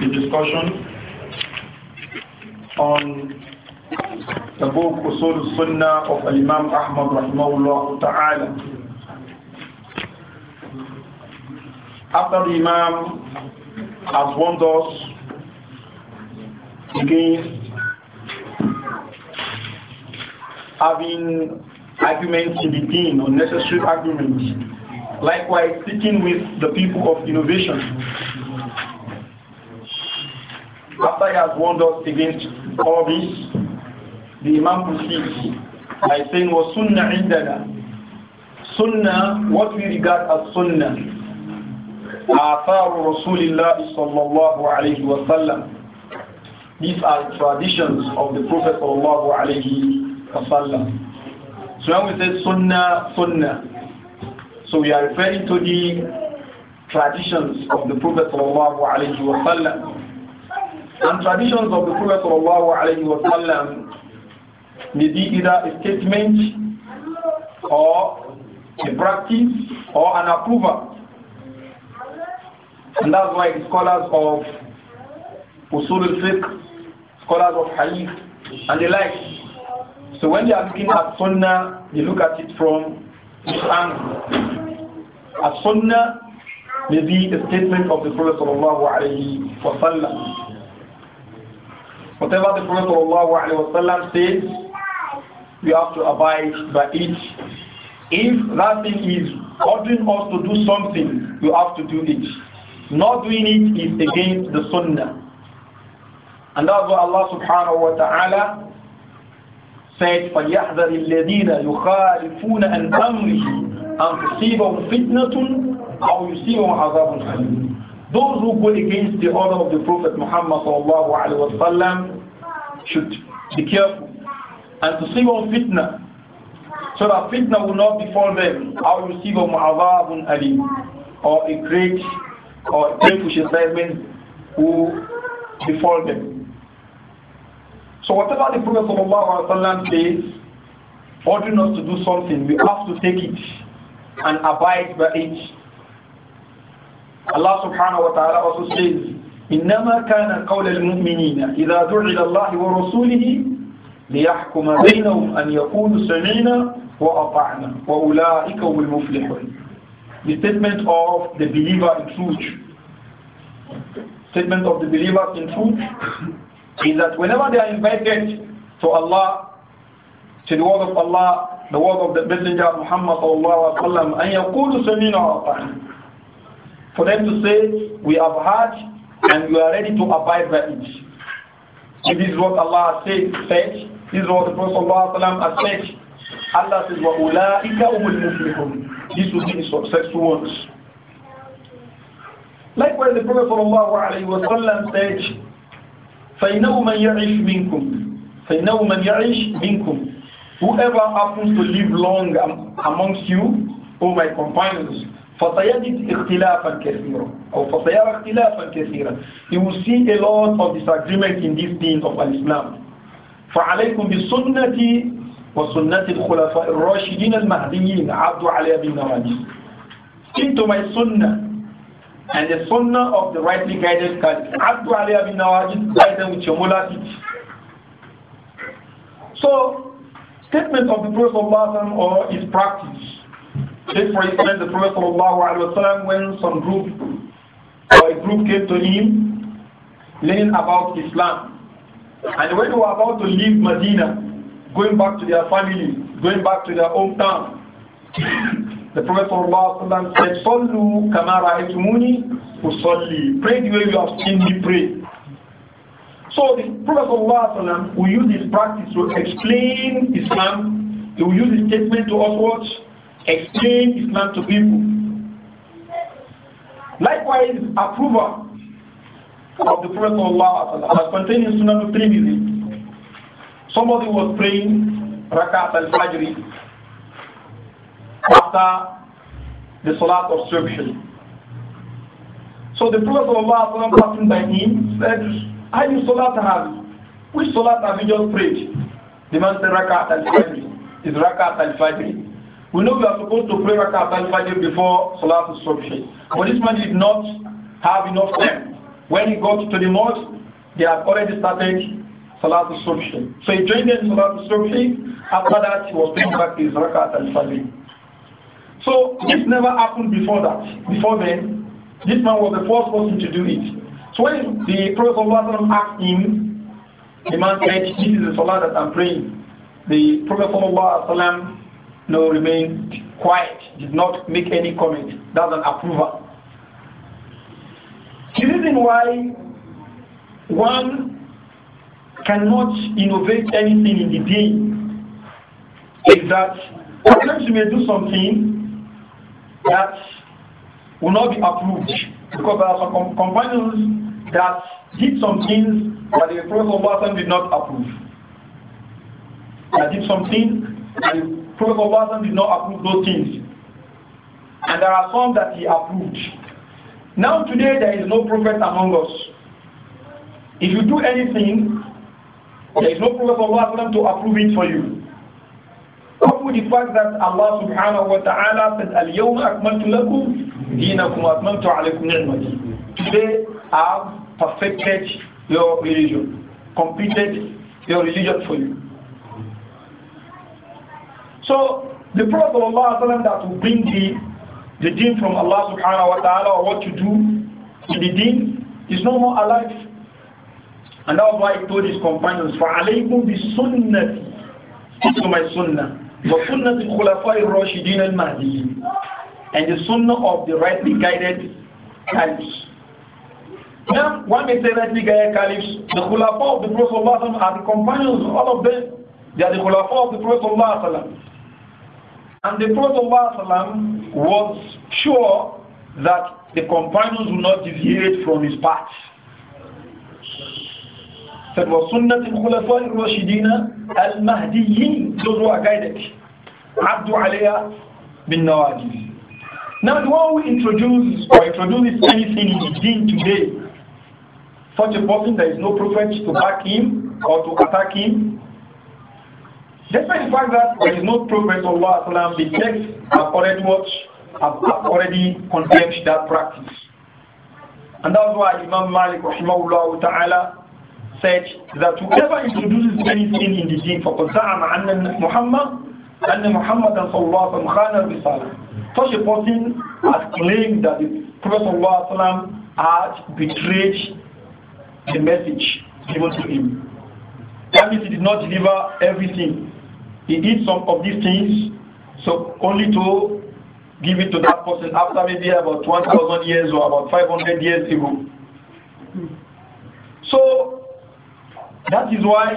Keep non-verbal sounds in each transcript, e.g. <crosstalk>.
the discussion on the book Usul Sunnah of Imam Ahmad rahimahullah ta'ala. After the Imam has warned us against having arguments in the deen, unnecessary arguments, likewise sticking with the people of innovation Bukhari has warned us against all this. The Imam proceeds by saying, was sunnah indana. Sunnah, what we regard as sunnah, آثار رسول الله صلى الله These are traditions of the Prophet صلى alayhi wa sallam. So when we say sunnah, sunnah, so we are referring to the traditions of the Prophet sallallahu alayhi wa sallam and traditions of the Prophet wasallam may be either a statement or a practice or an approval. And that's why the scholars of Usul al-Fiqh, scholars of Hadith and the like. So when they are looking at Sunnah, they look at it from this angle. A Sunnah may be a statement of the Prophet sallallahu alayhi wa sallam Whatever the Prophet ﷺ says, we have to abide by it. If that thing is ordering us to do something, we have to do it. Not doing it is against the Sunnah. And that's what Allah subhanahu wa ta'ala said, فَلْيَحْذَرِ الَّذِينَ يُخَالِفُونَ أَنْ أَمْرِهِ أَنْ تُصِيبَهُمْ فِتْنَةٌ أَوْ يُصِيبَهُمْ عَذَابٌ أَلِيمٌ those who go against the order of the Prophet Muhammad وسلم should be careful and to save on fitna so that fitna will not befall them or receive a mu'adhabun alim or a great or painful chastisement who befall them. So whatever the Prophet وسلم says, ordering us to do something, we have to take it and abide by it. Allah سبحانه وتعالى ta'ala also says, إنما كان قول المؤمنين إذا دعوا إلى الله ورسوله ليحكم بينهم أن يقولوا سمعنا وأطعنا وأولئك هم المفلحون. The statement of the believer in truth. Statement of the believers in truth is that whenever they are invited to Allah, to the word of Allah, the word of the Messenger Muhammad sallallahu alaihi wasallam, أن يقولوا سمعنا وأطعنا. for them to say, we have heard and we are ready to abide by it. If this is what Allah has said, this is what the Prophet has said. Allah says, وَأُولَٰئِكَ هُمُ الْمُفْلِحُونَ This will be the successful ones. Likewise, the Prophet ﷺ said, فَإِنَّهُ مَنْ يَعِشْ مِنْكُمْ فَإِنَّهُ مَنْ يَعِشْ مِنْكُمْ Whoever happens to live long amongst you, O oh my companions, فَسَيَجِدْ اخْتِلَافًا كَثِيرًا أو فَسَيَرَ اخْتِلَافًا كَثِيرًا You will see a lot of disagreement in these things of islam فَعَلَيْكُمْ بِسُنَّةِ وَسُنَّةِ الْخُلَفَاءِ الرَّاشِدِينَ الْمَهْدِيِّينَ عبدوا عَلَيَا بِنْ نَوَاجِسِ Into my sunnah and the sunnah of the rightly guided caliph. عبدوا Ali بن Nawajid guide them with your mullah So, statement of the Prophet or his practice Take for instance the Prophet ﷺ when some group or a group came to him learning about Islam. And when they were about to leave Medina, going back to their family, going back to their hometown, <coughs> the Prophet Allah said, Sallu kamara etumuni usalli. Pray the way you have seen me pray. So the Prophet Allah will use this practice to explain Islam. He will use this statement to us what? explain Islam to people. Likewise, approval of the Prophet Allah was contained in Sunnah Tirmidhi. Somebody was praying Rakat al-Fajr after the Salat of So the Prophet of Allah passing by him said, Are you Salat have? Which Salat have you just prayed? The man said Rakat al-Fajr. Is Rakat al-Fajr. We know we are supposed to pray Rakah al Fajr before Salat al-Subhi. But this man did not have enough time. When he got to the mosque, they had already started Salat al So he joined in Salat al After that, he was praying back his Rakah al-Fajr. So this never happened before that. Before then, this man was the first person to do it. So when the Prophet ﷺ asked him, the man said, this is the that I'm praying. The Prophet ﷺ no, remained quiet, did not make any comment. That's an approval. The reason why one cannot innovate anything in the day is that sometimes you may do something that will not be approved because there are some companions that did some things that the Prophet did not approve. I did something Prophet Obama did not approve those things. And there are some that he approved. Now today there is no prophet among us. If you do anything, there is no prophet of Allah to approve it for you. Come with the fact that Allah subhanahu wa ta'ala said, Al-Yawma akmaltu lakum dinakum akmaltu alaykum ni'mati. Today I have perfected your religion, completed your religion for you. So the Prophet of ﷺ that will bring the, the deen from Allah subhanahu wa ta'ala or what to do in the deen is no more alive. And that's why he told his companions, "For فَعَلَيْكُمْ بِسُنَّةِ to my sunnah. وَسُنَّةِ الْخُلَفَاءِ الرَّاشِدِينَ الْمَهْدِيِّينَ And the sunnah of the rightly guided caliphs. Now, one may say rightly guided caliphs, the khulafa of the Prophet of are the companions, all of them. They are the khulafa of the Prophet of and the Prophet ﷺ was sure that the companions would not deviate from his path. was Sunnah Said وَسُنَّةِ Rashidina al الْمَهْدِيِّينَ Those who are guided. Abdu Aliyah bin Nawajib. Now the one who introduces or introduces anything in the deen today, such a person there is no prophet to back him or to attack him, Despite the fact that there is no Prophet of Allah, the texts have already watched, have, have already condemned that practice. And that's why Imam Malik rahimahullah ta'ala said that whoever introduces anything in the deen, فَقَدْزَعَمَ أَنَّ مُحَمَّدًا أَنَّ مُحَمَّدًا صَلَّى اللَّهُ عَلَيْهِ وَسَلَّمَ خَانَ Such a person has claimed that the Prophet ﷺ had betrayed the message given to him. That means he did not deliver everything he did some of these things, so only to give it to that person after maybe about 1,000 years or about 500 years ago. So that is why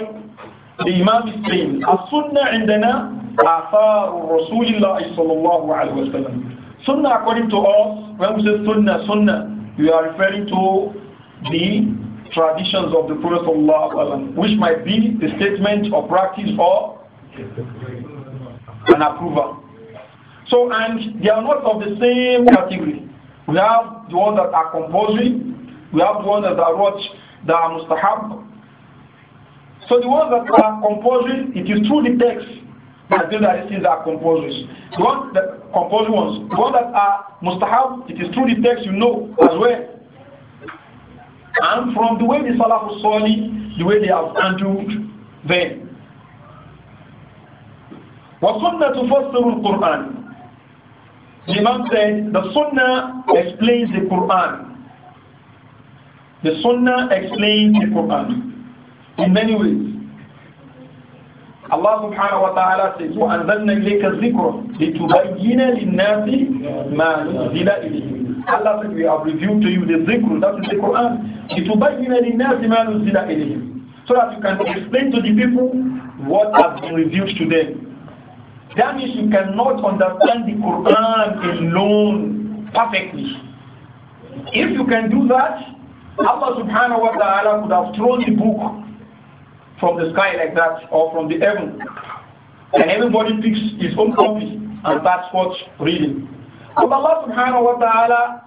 the Imam is saying, As-Sunnah and آثار رسول الله صلى الله عليه Sunnah according to us, when we say Sunnah, Sunnah, we are referring to the traditions of the Prophet which might be the statement or practice or an approval. So, and they are not of the same category. We have the ones that are compulsory, we have the ones that are what, that are mustahab. So the ones that are compulsory, it is through the text that these are things that are compulsory. The ones that compulsory ones, the ones that are mustahab, it is through the text you know as well. And from the way the Salafus Sali, the way they have handled them. Sunnah to الْقُرْآنِ The Imam said, the Sunnah explains the Quran. The Sunnah explains the Quran in many ways. Allah subhanahu wa ta'ala says, وَأَنْزَلْنَا إِلَيْكَ الذِّكْرَ لِتُبَيِّنَ لِلنَّاسِ مَا نُزِّلَ إِلَيْهِمْ Allah said, we have revealed to you the zikr, that is the Quran, لِتُبَيِّنَ لِلنَّاسِ مَا نُزِّلَ إِلَيْهِمْ So that you can explain to the people what has been revealed to them. That means you cannot understand the Quran alone perfectly. If you can do that, Allah subhanahu wa ta'ala would have thrown the book from the sky like that or from the heaven. And everybody picks his own copy and that's what's reading. But Allah subhanahu wa ta'ala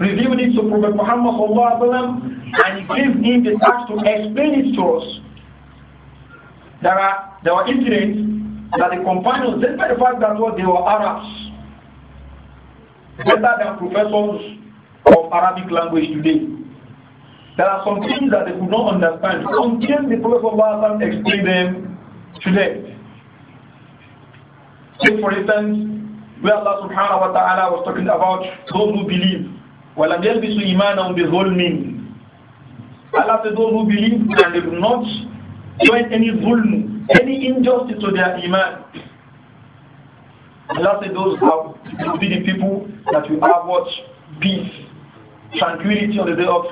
revealed it to Prophet Muhammad sallallahu wa and he gave him the task to explain it to us. There, are, there were incidents that the companions, despite the fact that they were Arabs, better than professors of Arabic language today. There are some things that they could not understand until the Prophet of explained them today. Take for instance, where Allah subhanahu wa ta'ala was talking about those who believe. وَلَمْ يَلْبِسُوا إِيمَانَهُمْ بِظُلْمٍ Allah said those who believe and they do not join any zulm any injustice to their iman. Allah said those will be the people that will have what? Peace, tranquility on the day of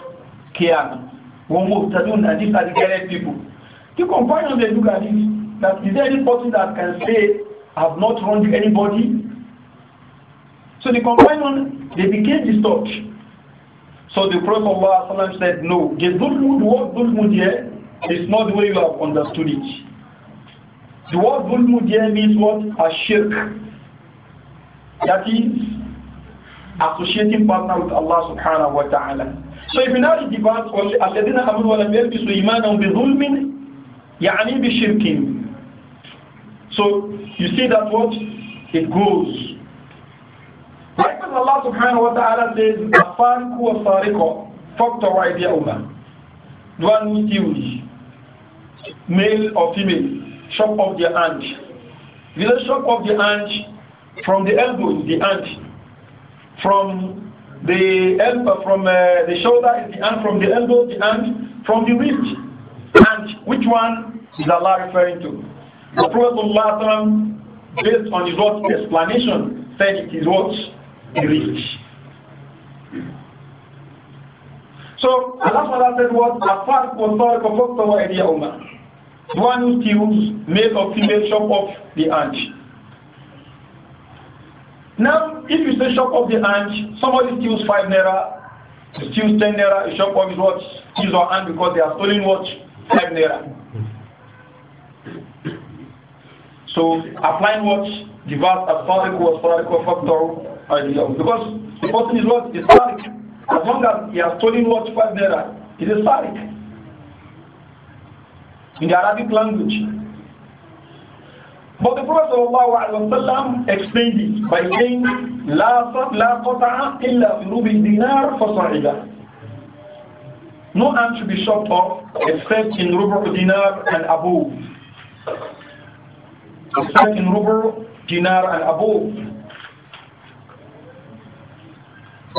Qiyamah. Muhtadun, and these are the guided people. The companions, they look at it, that is there any person that can say, I have not wronged anybody? So the companion, they became disturbed. So the Prophet Allah said, no, the Zulmud, what Zulmud here is not the way you have understood it. The word zulmu there means what? A shirk. That is associating partner with Allah subhanahu wa ta'ala. So if you now read the verse, الَّذِينَ أَمَنُوا وَلَمْ يَلْبِسُوا إِيمَانًا بِظُلْمٍ يَعْنِي بِشِرْكٍ So you see that what? It goes. Likewise Allah subhanahu wa ta'ala says, أَفَارِكُ وَصَارِكُ فَقْتَوْا عَيْدِيَهُمَا The one who steals, male or female, Chop off their hand. You don't chop off the hand from the elbow the hand. From the elbow, from uh, the shoulder is the hand. From the elbow, the hand. From the wrist, and which one is Allah referring to? The Prophet based on his own explanation said it is what the wrist. So Allah said what? Afar kuwasar kufastawa idiyahuma. The one who steals, male or female, chop off the hand. Now, if you say chop off the hand, somebody steals 5 naira, steals 10 naira, you shop of his watch, his or hand because they are stealing watch, 5 naira. So, applying watch, the VAT as far as Tariq Factor idea. Because the person is what? Is Tariq. As long as he has stolen watch 5 naira, it is Tariq in the Arabic language. But the Prophet ﷺ explained it by saying, "La قطع إلا في rubi dinar فصعدا. No hand should be shot off except in rubi dinar and above. Except in rubi dinar and above.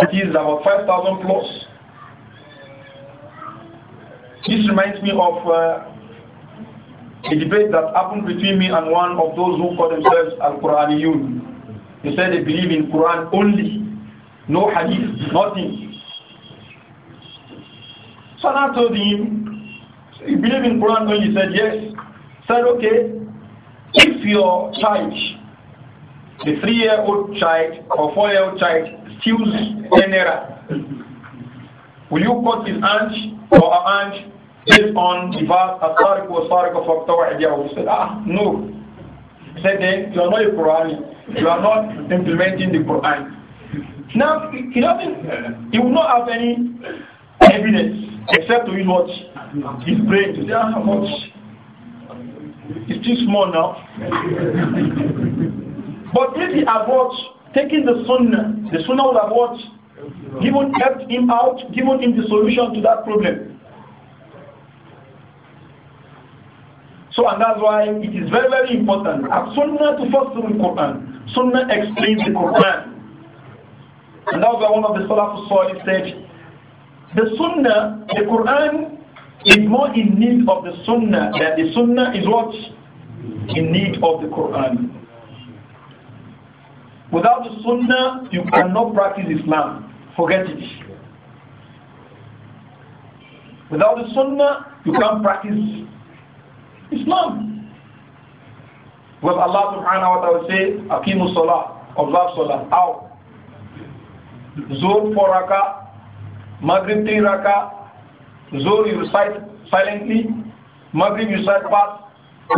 That is about 5,000 plus. This reminds me of uh, a debate that happened between me and one of those who call themselves Al-Quraniyun. They said they believe in Quran only, no hadith, nothing. So I told him, you believe in Quran only? He said, yes. said, okay, if your child, the three-year-old child or four-year-old child steals an error, will you cut his hand or her hand based on the verse Asariq was Sariq of October He said, ah, no. He said then you are not a Qurani. You are not implementing the Quran. Now he doesn't he will not have any evidence except to use what his brain to say how much it's too small now. but if he had what taken the sunnah, the sunnah would have what given helped him out, given him the solution to that problem. So and that's why it is very, very important. As sunnah to first the Quran. Sunnah explains the Quran. And that's why one of the Salafus Salih said, the sunnah, the Quran is more in need of the sunnah than the sunnah is what? In need of the Quran. Without the sunnah, you cannot practice Islam. Forget it. Without the sunnah, you can't practice Islam. Well, Allah subhanahu wa ta'ala say, Akimu Salah, observe Salah. How? Zohr 4 raka, Maghrib 3 raka, Zohr you recite silently, Maghrib you recite fast,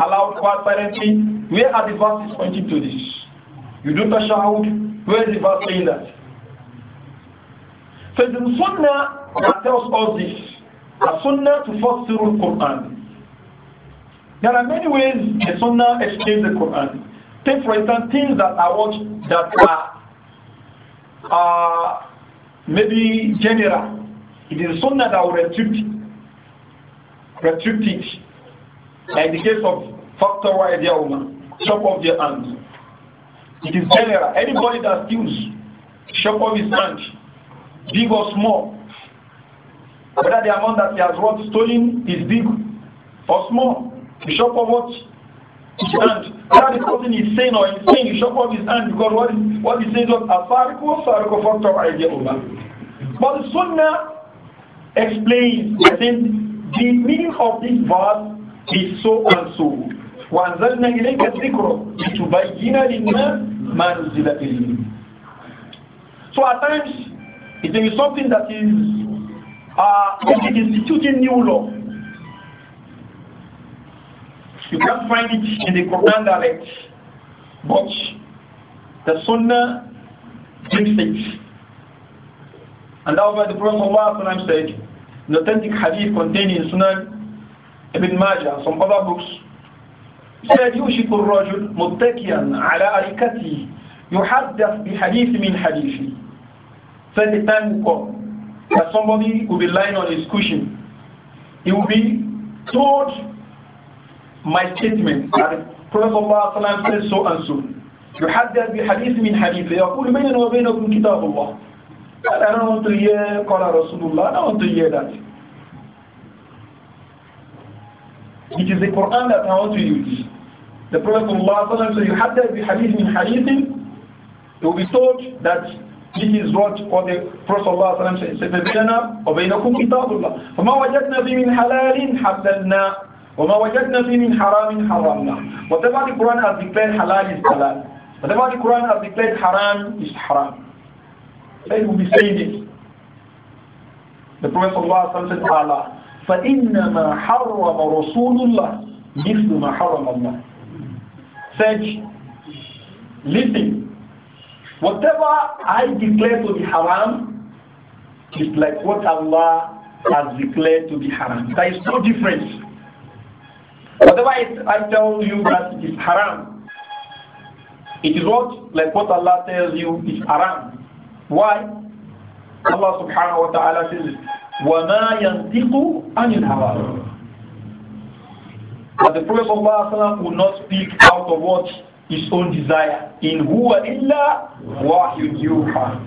allowed fast silently. Where are the verses pointing to this? You do tashahud, where is the verse saying that? So the sunnah that tells us this, the sunnah to first through Quran. There are many ways the Sunnah explains the Quran. Take for instance things that are what that are uh, maybe general. It is Sunnah that will restrict restrict it. Like the case of factor woman, chop off their hands. It is general. Anybody that steals, chop off his hand, big or small. Whether the amount that he has worth stolen is big or small. You chop off what? His hand. That the person is saying or insane, you chop off his hand because what, what he says was, Asariku, Asariku, Faktor, Ayyahullah. But the Sunnah explains, I think, the meaning of this verse is so and so. وأنزلنا إليك الذكر لتبين للناس ما نزل إليهم. So at times it may something that is uh, instituting new law. You can't find it in the Quran direct, but the Sunnah brings it. And that's why the Prophet said, an authentic hadith contained in Sunan Ibn Majah and some other books, said, يوشك الرجل متكئا على أركته يحدث بحديث من حديثه. Said the time will come that somebody will be lying on his cushion. He will be told my statement that Prophet ﷺ says so and so. You have من حديث يقول بيننا وبينكم كتاب الله. I don't want to hear قال رسول I don't want to hear that. It is the Quran that I want to use. The Prophet ﷺ says you have يحدث بحديث من حديث. They will be told that this is what for the Prophet ﷺ says. بيننا وبينكم كتاب الله. فما وجدنا به من حلال حللنا وَمَا وَجَدْنَا مِنْ حَرَامٍ Whatever the Quran has declared halal is halal. Whatever the Quran has declared haram is haram. They will be saying it. The Prophet Allah said, Allah, فَإِنَّمَا حَرَّمَ رَسُولُ اللَّهِ مِثْلُ مَا حَرَّمَ اللَّهِ Said, listen, whatever I declare to be haram is like what Allah has declared to be haram. There is no difference. Otherwise, I tell you that it is haram. It is what? Like what Allah tells you is haram. Why? Allah subhanahu wa ta'ala says, وَمَا يَنْتِقُ عَنِ الْهَوَىٰ But the Prophet Allah will not speak out of what? His own desire. In huwa illa wahyu yuha.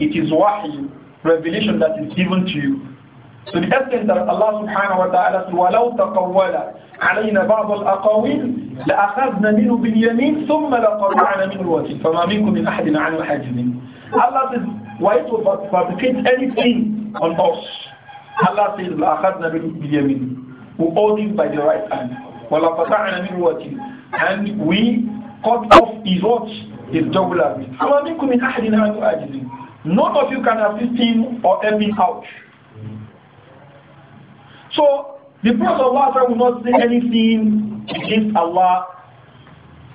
It is wahyu, revelation that is given to you. So the essence that Allah subhanahu wa ta'ala says, وَلَوْ تَقَوَّلَ علينا بعض الأقاويل لأخذنا منه باليمين ثم لقرعنا من الوثيق فما منكم من أحد عن الحاج منه الله تز وإيت وفاتكيت ألف إن ونقص الله تز لأخذنا باليمين وقودين باي دي رايت أن ولا قطعنا من الوثيق and we cut off his watch his jugular vein فما منكم من أحد عن الحاج منه none of you can assist him or help him out so The Prophet of Allah will not say anything against Allah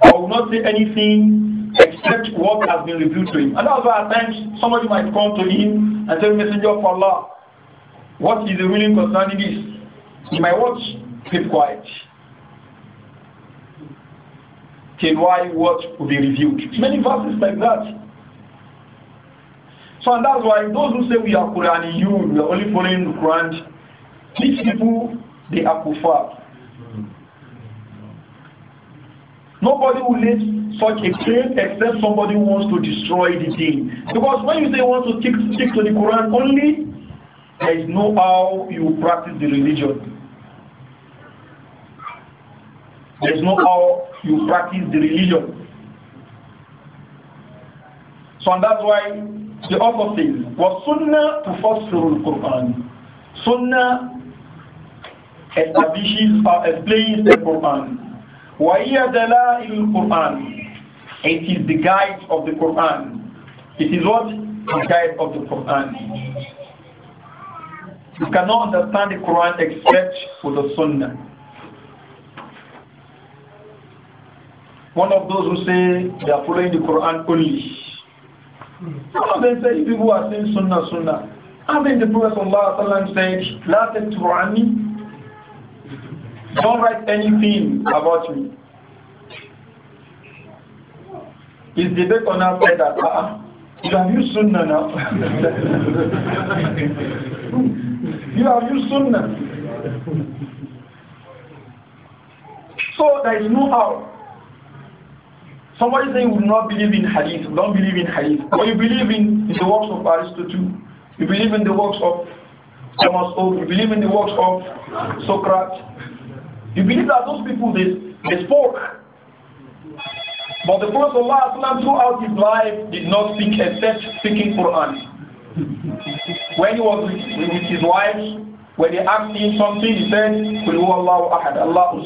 or will not say anything except what has been revealed to him. And that's why at times somebody might come to him and say, Messenger of Allah, what is the ruling concerning this? He might watch, keep quiet. Till why what will be revealed. Many verses like that. So and that's why those who say we are you, we are only following the Quran, these people they are kuffar. Nobody will live such a thing except somebody who wants to destroy the thing. Because when you say you want to stick, stick to the Quran only, there is no how you practice the religion. There is no how you practice the religion. So and that's why the author says, was sunnah to the Quran. Sunnah establishes or explains the Quran. وَهِيَ the Quran. It is the guide of the Quran. It is what? The guide of the Quran. You cannot understand the Quran except for the Sunnah. One of those who say they are following the Quran only. Some of them say people are saying Sunnah, Sunnah. I mean the Prophet said, La tatru'ani don't write anything about me. Is the baker on said that, uh you have used sunnah now. you have used sunnah. So there is no how. Somebody saying will not believe in hadith, don't believe in hadith. But you believe in, in the works of Aristotle, you believe in the works of Thomas you believe in the works of Socrates, you believe that those people, they, they spoke. But the Prophet ﷺ throughout his life did not speak except speaking Quran. When he was with his wife, when they asked him something, he said, Qul Allahu ahad, Allahu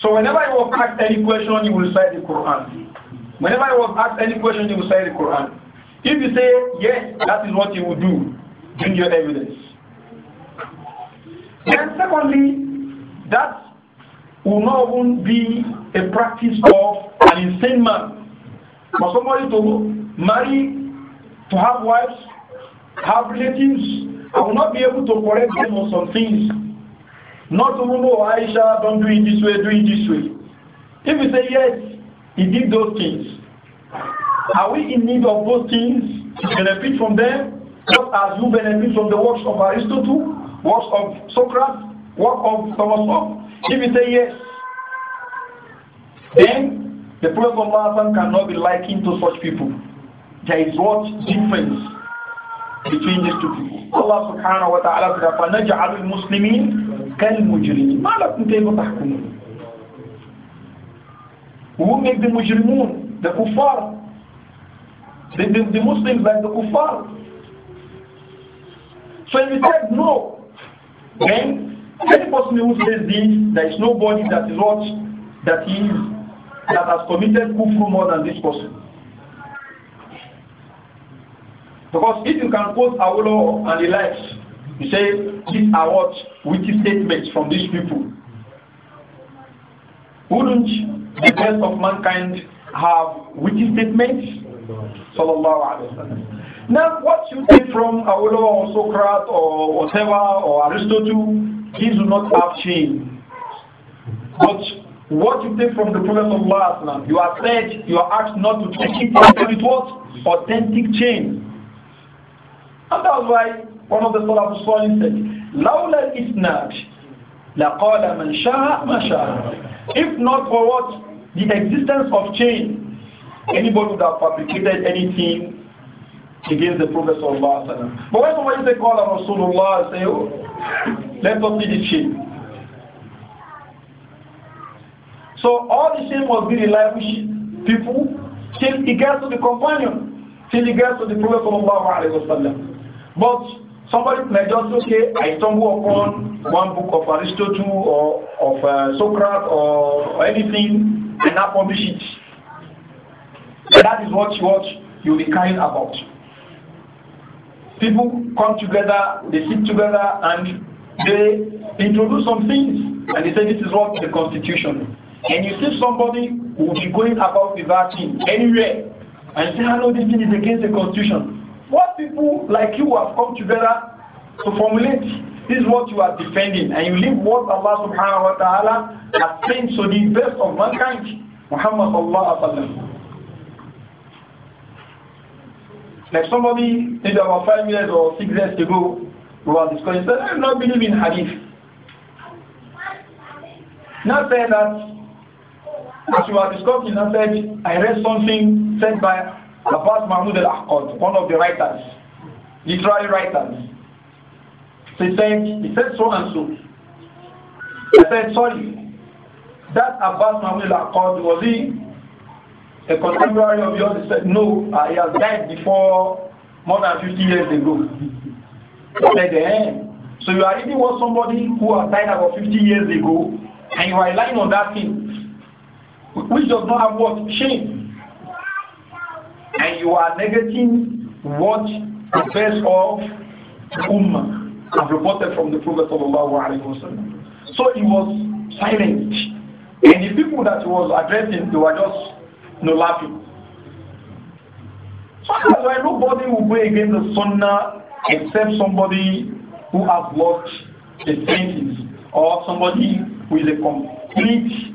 So whenever he was asked any question, he will cite the Quran. Whenever he was asked any question, he will cite the Quran. If you say, yes, that is what he will do, bring your evidence. Then secondly, that will not even be a practice of an insane man. For somebody to marry, to have wives, have relatives, I will not be able to correct them on some things. Not to know, oh, Aisha, don't do it this way, do it this way. If you say yes, he did those things. Are we in need of those things to benefit from them, just as you benefit from the works of Aristotle? What of Socrates? work of Thomas Hobbes? If you say yes, then the Prophet of Allah cannot be likened to such people. There is what difference between these two people. Allah subhanahu wa ta'ala said, فَنَجْعَلُ الْمُسْلِمِينَ كَالْمُجْرِمِينَ مَا لَكُمْ كَيْفَ تَحْكُمُونَ We will make the mujrimun, the kuffar, the, the, the Muslims like the kuffar. So if you said no, then any person who says this, there is nobody that is what that is that has committed kufru more than this person. Because if you can quote Awolo and the likes, you say these are what witty statements from these people. Wouldn't the best of mankind have witty statements? Sallallahu alaihi wasallam. Now, what you take from Awolo or Socrates or whatever or Aristotle, these do not have change. But what you take from the Prophet of Allah, you are said, you are asked not to take it it was Authentic change. And that's why one of the Salaf Salih said, لولا is لقال من شاء ما شاء. If not for what? The existence of change. Anybody would have fabricated anything against the Prophet of Allah. But when somebody call on Rasulullah, say, oh, let us be the shame. So all the same must be relied with people till he gets to the companion, till he gets to the Prophet of Allah. But somebody may just say, I stumble upon one book of Aristotle or of uh, Socrates or, or anything and I publish it. And that is what you what you'll be kind about people come together, they sit together, and they introduce some things, and they say this is what the constitution. And you see somebody who will be going about with that thing anywhere, and say, know this thing is against the constitution." What people like you have come together to formulate this is what you are defending, and you leave what Allah Subhanahu wa Taala has sent to the best of mankind, Muhammad Sallallahu Wa Taala. Like somebody maybe about five years or six years ago, we were discussing, said, I do not believe in hadith. Not saying that, as we were discussing, I said, I read something said by Abbas Mahmoud al-Akkad, one of the writers, literary writers. So he said, he said so and so. I said, sorry, that Abbas Mahmoud al-Akkad, was he a contemporary of yours said, no, uh, he has died before more than 50 years ago. Eh? So you are reading what somebody who has died about 50 years ago, and you are relying on that thing, which does not have what? Shame. And you are negating what the best of the Ummah have reported from the Prophet of Allah So he was silent. And the people that he was addressing, they were just no laughing. So that's why nobody will go against the sunnah except somebody who has watched the senses or somebody who is a complete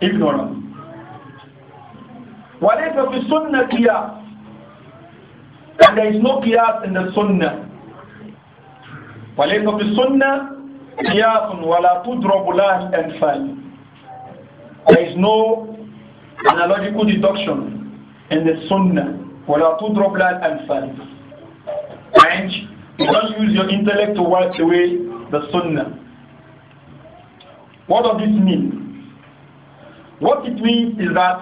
ignorant. وليس the sunnah قياس and there is no qiyas in the sunnah وليس في السنة قياس ولا تضرب له الأمثال there is no analogical deduction in the Sunnah. وَلَا تُضْرَبْ لَا الْأَمْثَالِ And you don't use your intellect to wipe away the Sunnah. What does this mean? What it means is that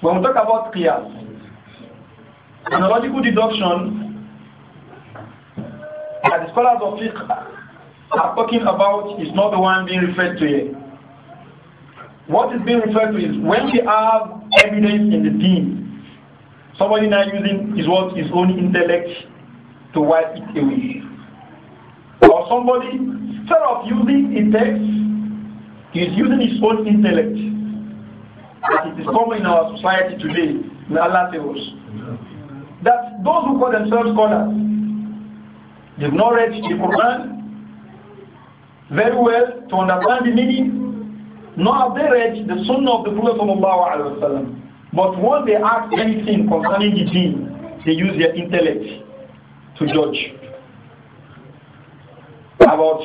when we talk about Qiyas, analogical deduction that the scholars of fiqh are talking about is not the one being referred to here. What is being referred to is when we have evidence in the team, somebody now using his what his own intellect to wipe it away. Or somebody, instead of using a text, he's using his own intellect. As it is common in our society today, in Allah tells that those who call themselves scholars, they've not read the Quran very well to understand the meaning nor have they read the Sunnah of the Prophet Sallallahu But once they ask anything concerning the deen, they use their intellect to judge. About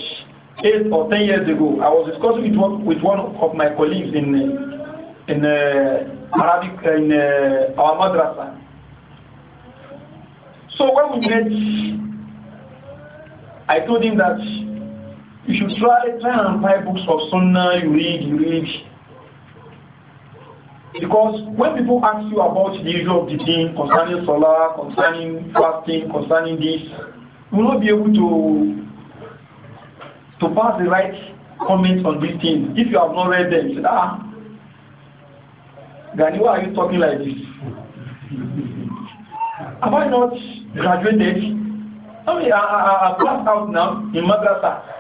eight or ten years ago, I was discussing with one, with one of my colleagues in in uh, Arabic uh, in uh, our madrasa. So when we met, I told him that you should try, try and buy books of Sunnah, you read, you read. Because when people ask you about the issue of the thing concerning solar, concerning fasting, concerning this, you will not be able to to pass the right comment on these things. If you have not read them, you say, ah, Gani, why are you talking like this? <laughs> Have I not graduated? I mean, I, I, I passed out now in madrasa.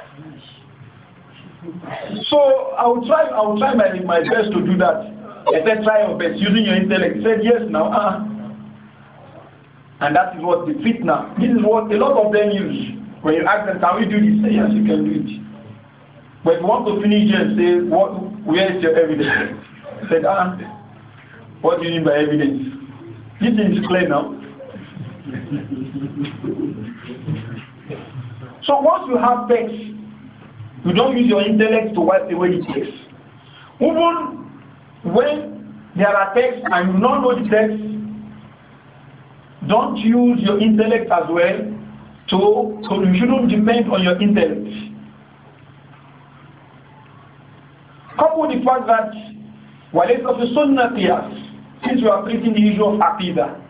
So I will try, I will try my, my best to do that. I said, try your best using your intellect. He said, yes, now. Uh, and that is what the fitna. This is what a lot of them use. When you ask them, can we do this? Say, yes, you can do it. But if you want to finish here and say, what, where is your evidence? said, ah, what do you mean by evidence? This is clear now. so once you have text, you don't use your intellect to wipe away the text. Even when there are texts and you don't know the text, don't use your intellect as well to, so you shouldn't depend on your intellect. Couple the fact that while of the sunnah qiyas, since we are treating the issue of aqidah,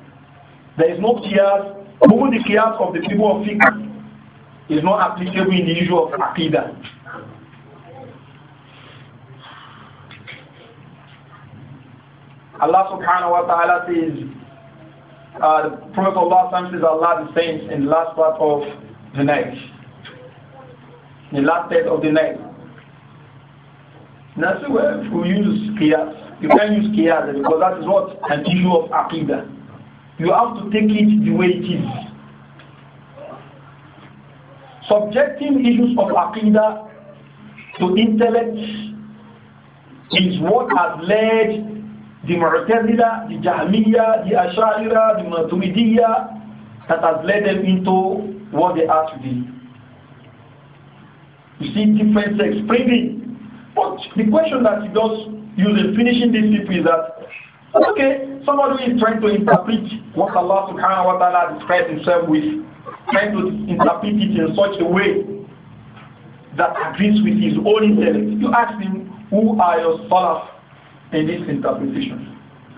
there is no qiyas, even the qiyas of the people of fiqh is not applicable in the issue of aqidah. Allah subhanahu wa ta'ala says, uh, the Prophet of Allah says Allah Saints in the last part of the night. In the last part of the night. Now, so we use qiyas. You can't use qiyas because that is what an issue of aqidah. You have to take it the way it is. Subjecting issues of aqidah to intellect is what has led the Mu'tazila, the Jahmiya, the Ash'ira, the Maturidiyya that has led them into what they are today. You see different sects spreading. But the question that he does use in finishing this people is that, okay, somebody is trying to interpret what Allah subhanahu wa ta'ala describes himself with, trying to interpret it in such a way that agrees with his own intellect. You ask him, who are your scholars? in this interpretation.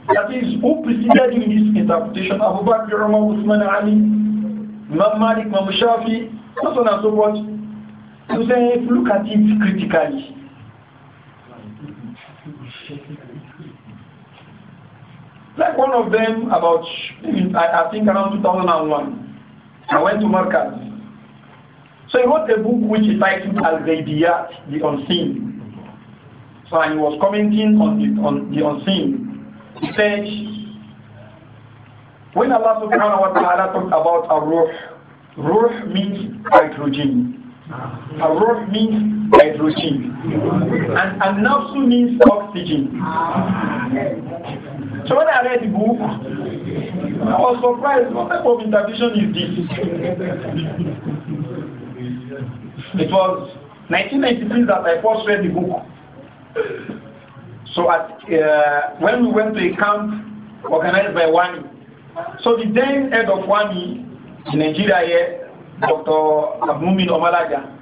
That is, who preceded in this interpretation? Abu Bakr, Umar, Uthman, Ali, Imam Malik, Imam Shafi, so on and so forth. So say, if you look at it critically, like one of them about, I, think around 2001, I went to Markaz. So he wrote a book which is titled Al-Zaydiyat, The Unseen. So I was commenting on the, on the unseen. He said, when Allah subhanahu wa ta'ala talked about ar-ruh, ruh means hydrogen. Ar-ruh means hydrogen. And, and nafsu means oxygen. So when I read the book, I was surprised. What type of intervention is this? it was 1993 that I first read the book. So at, uh, when we went to a camp organized by Wani, so the then head of Wani in Nigeria here, Dr. Abumi Omalaja,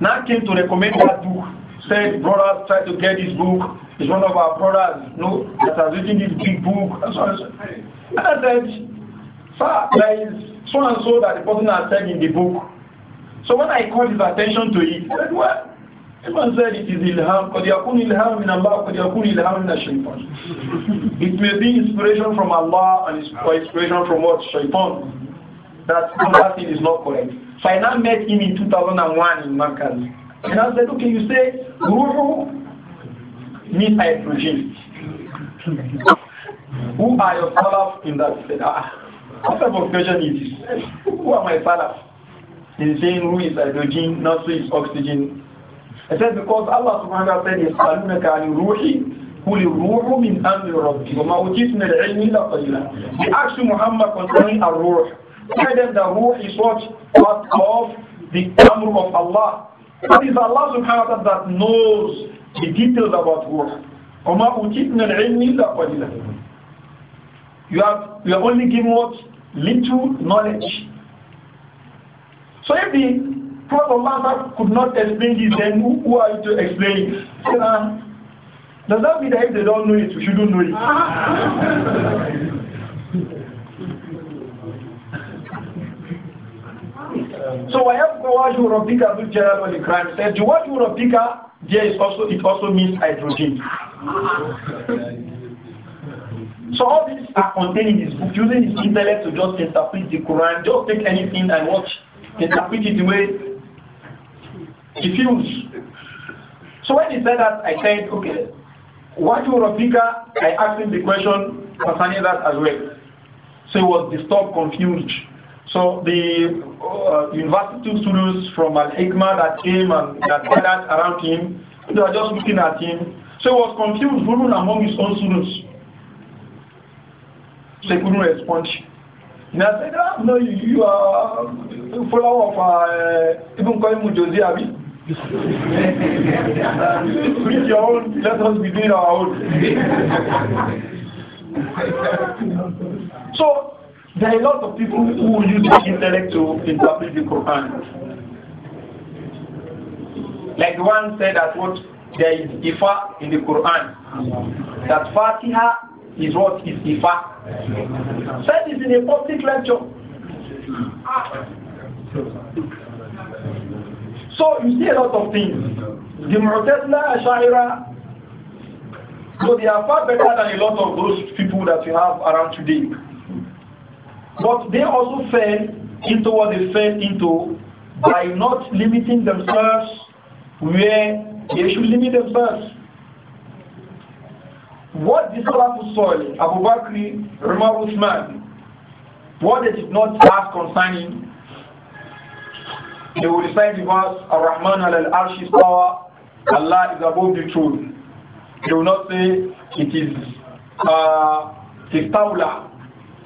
now came to recommend that book. Said, brothers, try to get this book. It's one of our brothers, you know, that has written this big book. And, so I said, sir, there is so and so that the person has said in the book. So when I called his attention to it, said, Someone said it is ilham, قد يكون ilham من الله, قد يكون ilham من shaytan. It may be inspiration from Allah and or inspiration from what? shaytan. That that thing is not correct. So I now met him in 2001 in Makkah. And I said, okay, you say, Ruhu means hydrogen. Who are your salaf in that? Said, ah, what type of question is this? Who are my salaf? He's saying, Ruhu is hydrogen, not so is oxygen. It says because Allah subhanahu wa ta'ala يسألونك عن الروح قل الروح من أمر ربي وما أوتيت من العلم إلا قليلا They asked Muhammad concerning الروح Tell them the ruh is what part of the Amr of Allah. That is Allah subhanahu wa ta'ala that knows the details about ruh. وما ma من العلم إلا قليلا You have, you have only given what? Little knowledge. So if the Prophet Muhammad could not explain this, then who, who are you to explain it? Uh, does that mean that if they don't know it, we shouldn't know it? so I have وَيَبْقَ وَجْهُ رَبِّكَ ذُو الْجَلَالِ وَالْإِكْرَامِ said the word Rabbika there is also it also means hydrogen. so all these are contained in this book, using his intellect to just interpret the Quran, just take anything and watch, interpret it the way Refused. So when he said that, I said, okay, what will Rafika? I asked him the question concerning that as well. So he was disturbed, confused. So the uh, university students from Al Hikmah that came and that gathered around him, they were just looking at him. So he was confused even among his own students. So he couldn't respond. And I said, ah, no, you, you are a follower of uh, Ibn Qayyim Jawziyah. Preach your own, let us <laughs> be our own. so, there are a lot of people who use intellect to interpret the Quran. Like the one said that what there is ifa in the Quran. That Fatiha is what is ifa. Said this in a public lecture. So you see a lot of things. The Mu'tazila Ash'ira, so they are far better than a lot of those people that we have around today. But they also fell into what they fell into by not limiting themselves where they should limit themselves. What the Salafus Soil, Abu Bakr, Umar Uthman, what they did not have concerning they will recite the verse, Ar-Rahman al-Arsh power, Allah is above the throne. They will not say it is uh, his tawla,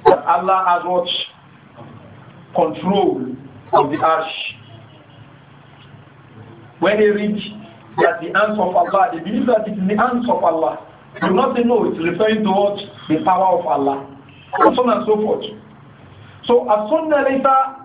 that Allah has what control of the arsh. When they reach that the hands of Allah, they believe that it's the hands of Allah. They will not say no, it's referring to what? The power of Allah. And so on and so forth. So as soon as later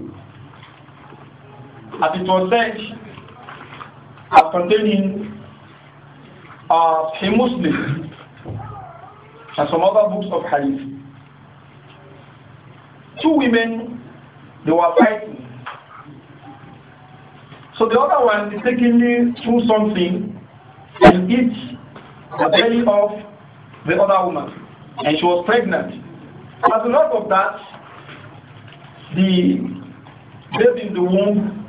as it was said, as containing uh, Sahih Muslim and some other books of Hadith. Two women, they were fighting. So the other one is me through something and hit the belly of the other woman, and she was pregnant. As a result of that, the baby in the womb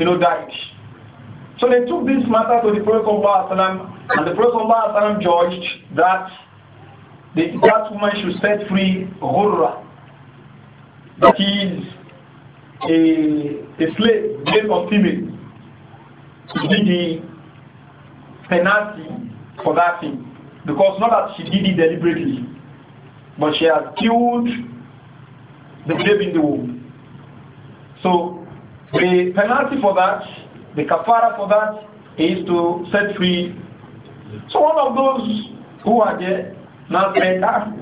you know, died. So they took this matter to the Prophet and the Prophet judged that the, that woman should set free Hurra, that is a, a slave, male of female, to be the penalty for that thing. Because not that she did it deliberately, but she has killed the baby in the womb. So The penalty for that, the kafara for that, is to set free. So one of those who are there now said, ah,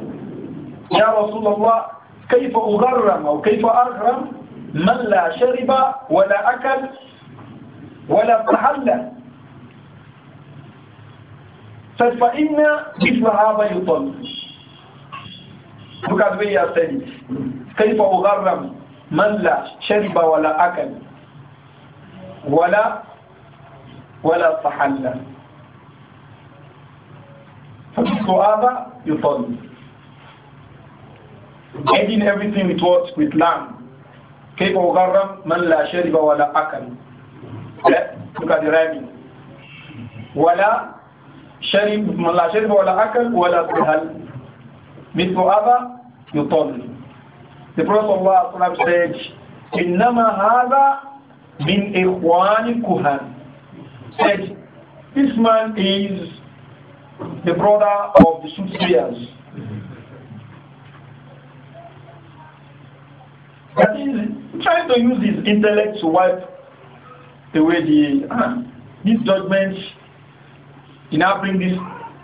Ya Rasulullah, كيف أغرم أو كيف أغرم من لا شرب ولا أكل ولا فحل فإن مثل هذا يطل Look at what he has said كيف أغرم من لا شرب ولا أكل ولا ولا تحلى فمثل هذا يطل ending everything with what with lamb كيف أغرم من لا شرب ولا أكل eh, look at the rhyming ولا شرب من لا شرب ولا أكل ولا تحل مثل هذا يطل The Prophet ﷺ said, Innama hada min ikhwani kuhan. Said, this man is the brother of the soothsayers. That is trying to use his intellect to wipe away the uh, these judgments. enabling this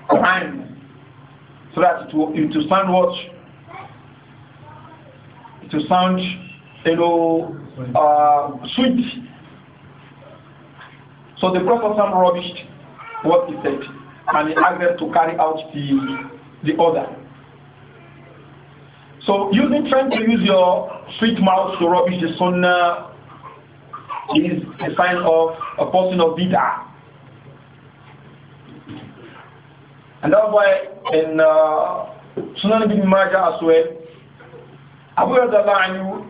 crime so that it will, it will stand watch to sound, you know, uh, sweet. So the Prophet rubbished what he said and he asked them to carry out the, the order. So using trying to use your sweet mouth to rubbish the sunnah is a sign of a person of bid'ah. And that's why in uh, Sunan ibn Majah as well, Abu Radha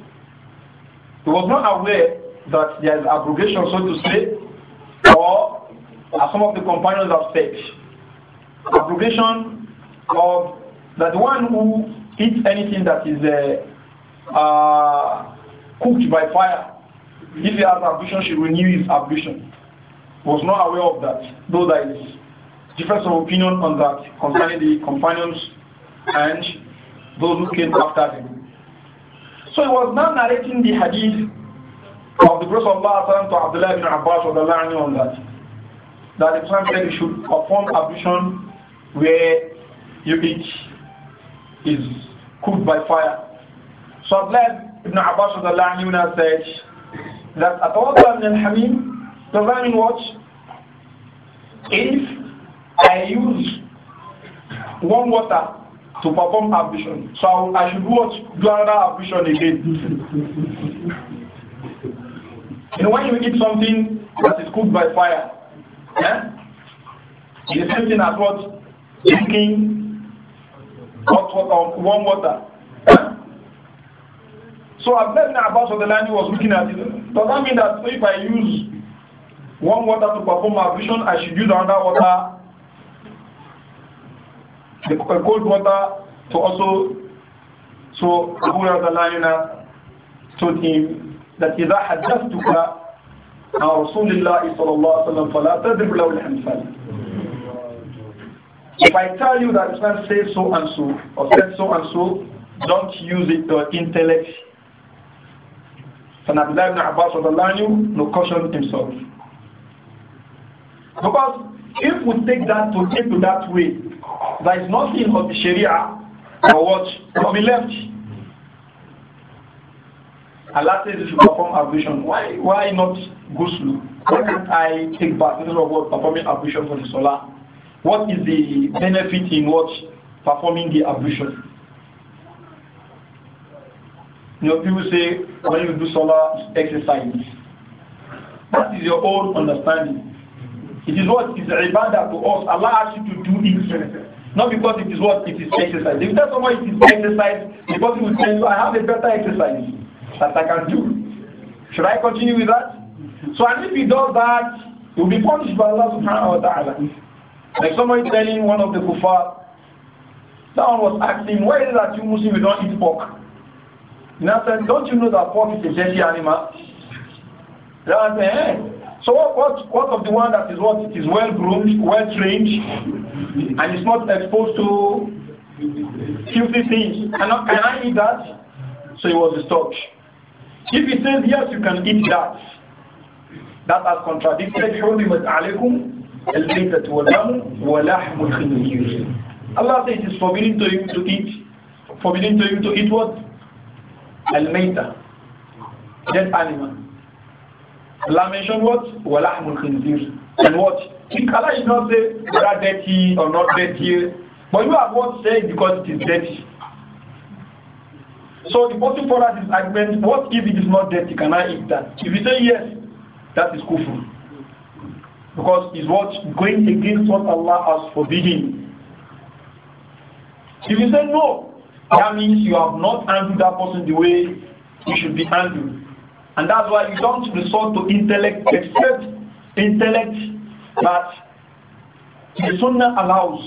he was not aware that there is abrogation, so to say, or as some of the companions have said, abrogation of that one who eats anything that is uh, uh, cooked by fire, if he has ablution, should renew his ablution. Was not aware of that, though there is difference of opinion on that concerning the companions and those who came after them. So he was now narrating the hadith of the Prophet Allah to Abdullah ibn Abbas on that. That the Prophet said you should perform ablution where you meat is cooked by fire. So Abdullah ibn Abbas said that at all times in Hamim, the that mean what? If I use warm water to perform ablution. So I, should watch, do another ablution again. you know, when you eat something that is cooked by fire, yeah, it's the same thing as what drinking hot water, warm water. Eh? So Abdullah about what the land was looking at it. Does that mean that if I use warm water to perform ablution, I should use another water the cold water to also so Abu Radhalayna told him that إذا حدثتك عن رسول الله صلى الله عليه وسلم فلا تضرب له الأمثال If I tell you that Islam says so and so or said so and so, don't use it your intellect. And Abdullah ibn Abbas radallahu no caution himself. Because if we take that to into that way, there is nothing of the Sharia or what will be left. Allah says you should perform ablution. Why why not ghusl? Why can't I take back instead of what performing ablution for the salah? What is the benefit in what performing the ablution? You know, people say when you do salah, exercise. That is your own understanding. It is what is ibadah to us. Allah asks you to do it. Not because it is what it is exercise. If that's someone it is exercise, because he will tell you, I have a better exercise that I can do. Should I continue with that? So and if he does that, he will be punished by Allah subhanahu wa ta'ala. Like somebody telling one of the kuffar, someone was asking, why is it that you Muslims don't eat pork? And I said, don't you know that pork is a dirty animal? They said, eh, so what, what, what of the one that is what is well groomed, well trained, and is not exposed to filthy things? Can I, can I eat that? So he was stopped. If he says yes, you can eat that. That has contradicted حرمت عليكم البيتة والدم ولحم الخنزير. Allah says it is forbidden to you to eat, forbidden to you to eat what? Al-Maita, dead animal. Allah mentioned what? Walahmul khinzir. And what? Allah did not say whether dirty or not dirty. But you have what said because it is dirty. So the person for that is argument, what if it is not dirty? Can I eat that? If you say yes, that is kufr. Because it's what going against what Allah has forbidden. If you say no, that means you have not handled that person the way you should be handled. And that's why you don't resort to intellect except intellect that the sunnah allows.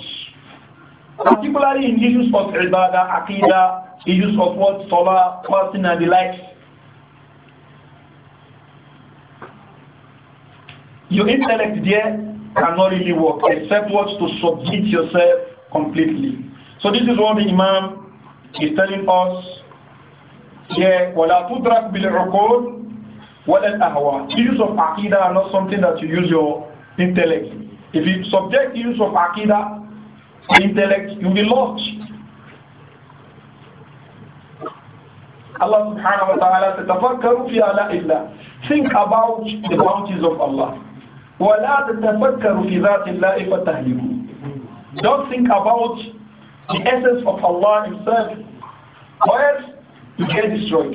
Particularly in issues of ibadah, aqidah, issues of what, salah, fasting and the likes. Your intellect there cannot really work except what to submit yourself completely. So this is what the Imam is telling us here, وَلَا تُدْرَكْ بِالْعُقُولِ Walal ahwa. use of akida? are not something that you use your intellect. If you subject use of akida intellect, you'll be lost. Allah subhanahu wa ta'ala said, تَفَكَّرُوا فِي Think about the bounties of Allah. وَلَا تَتَفَكَّرُوا فِي ذَاتِ اللَّهِ فَتَهْلِكُوا Don't think about the essence of Allah Himself, or else you get destroyed.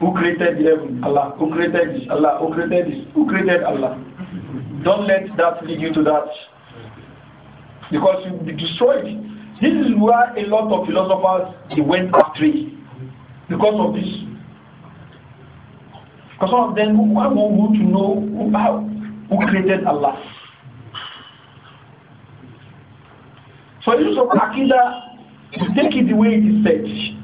Who created heaven? Allah. Who created this? Allah. Who created this? Who created Allah? Don't let that lead you to that. Because you'll be destroyed. This is where a lot of philosophers they went astray because of this. Because some of them who want to know who, how, who created Allah. So the use of Akida, take it the way it is said.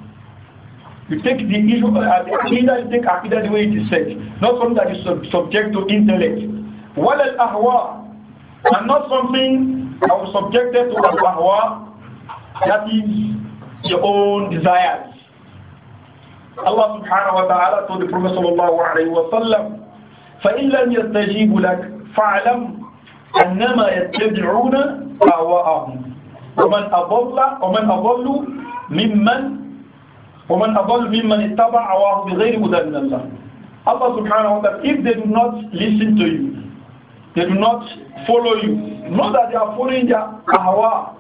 You take the issue, Aqidah, you take Aqidah the way it is said, not something that is subject to intellect. Wal al ahwa, and not something that was subjected to al ahwa, that is your own desires. Allah subhanahu wa ta'ala told the Prophet sallallahu alayhi wa sallam, فَإِن لَمْ يَسْتَجِيبُ لَكْ فَعْلَمْ أنما يتبعون أهواءهم ومن أضل ومن أضل ممن وَمَنْ أَضَلُّ مِمَّنِ اتَّبَعَ هَوَاهُ بِغَيْرِ هُدًى مِنَ اللَّهِ Allah subhanahu wa ta'ala, if they do not listen to you, they do not follow you, know that they are following their hawa,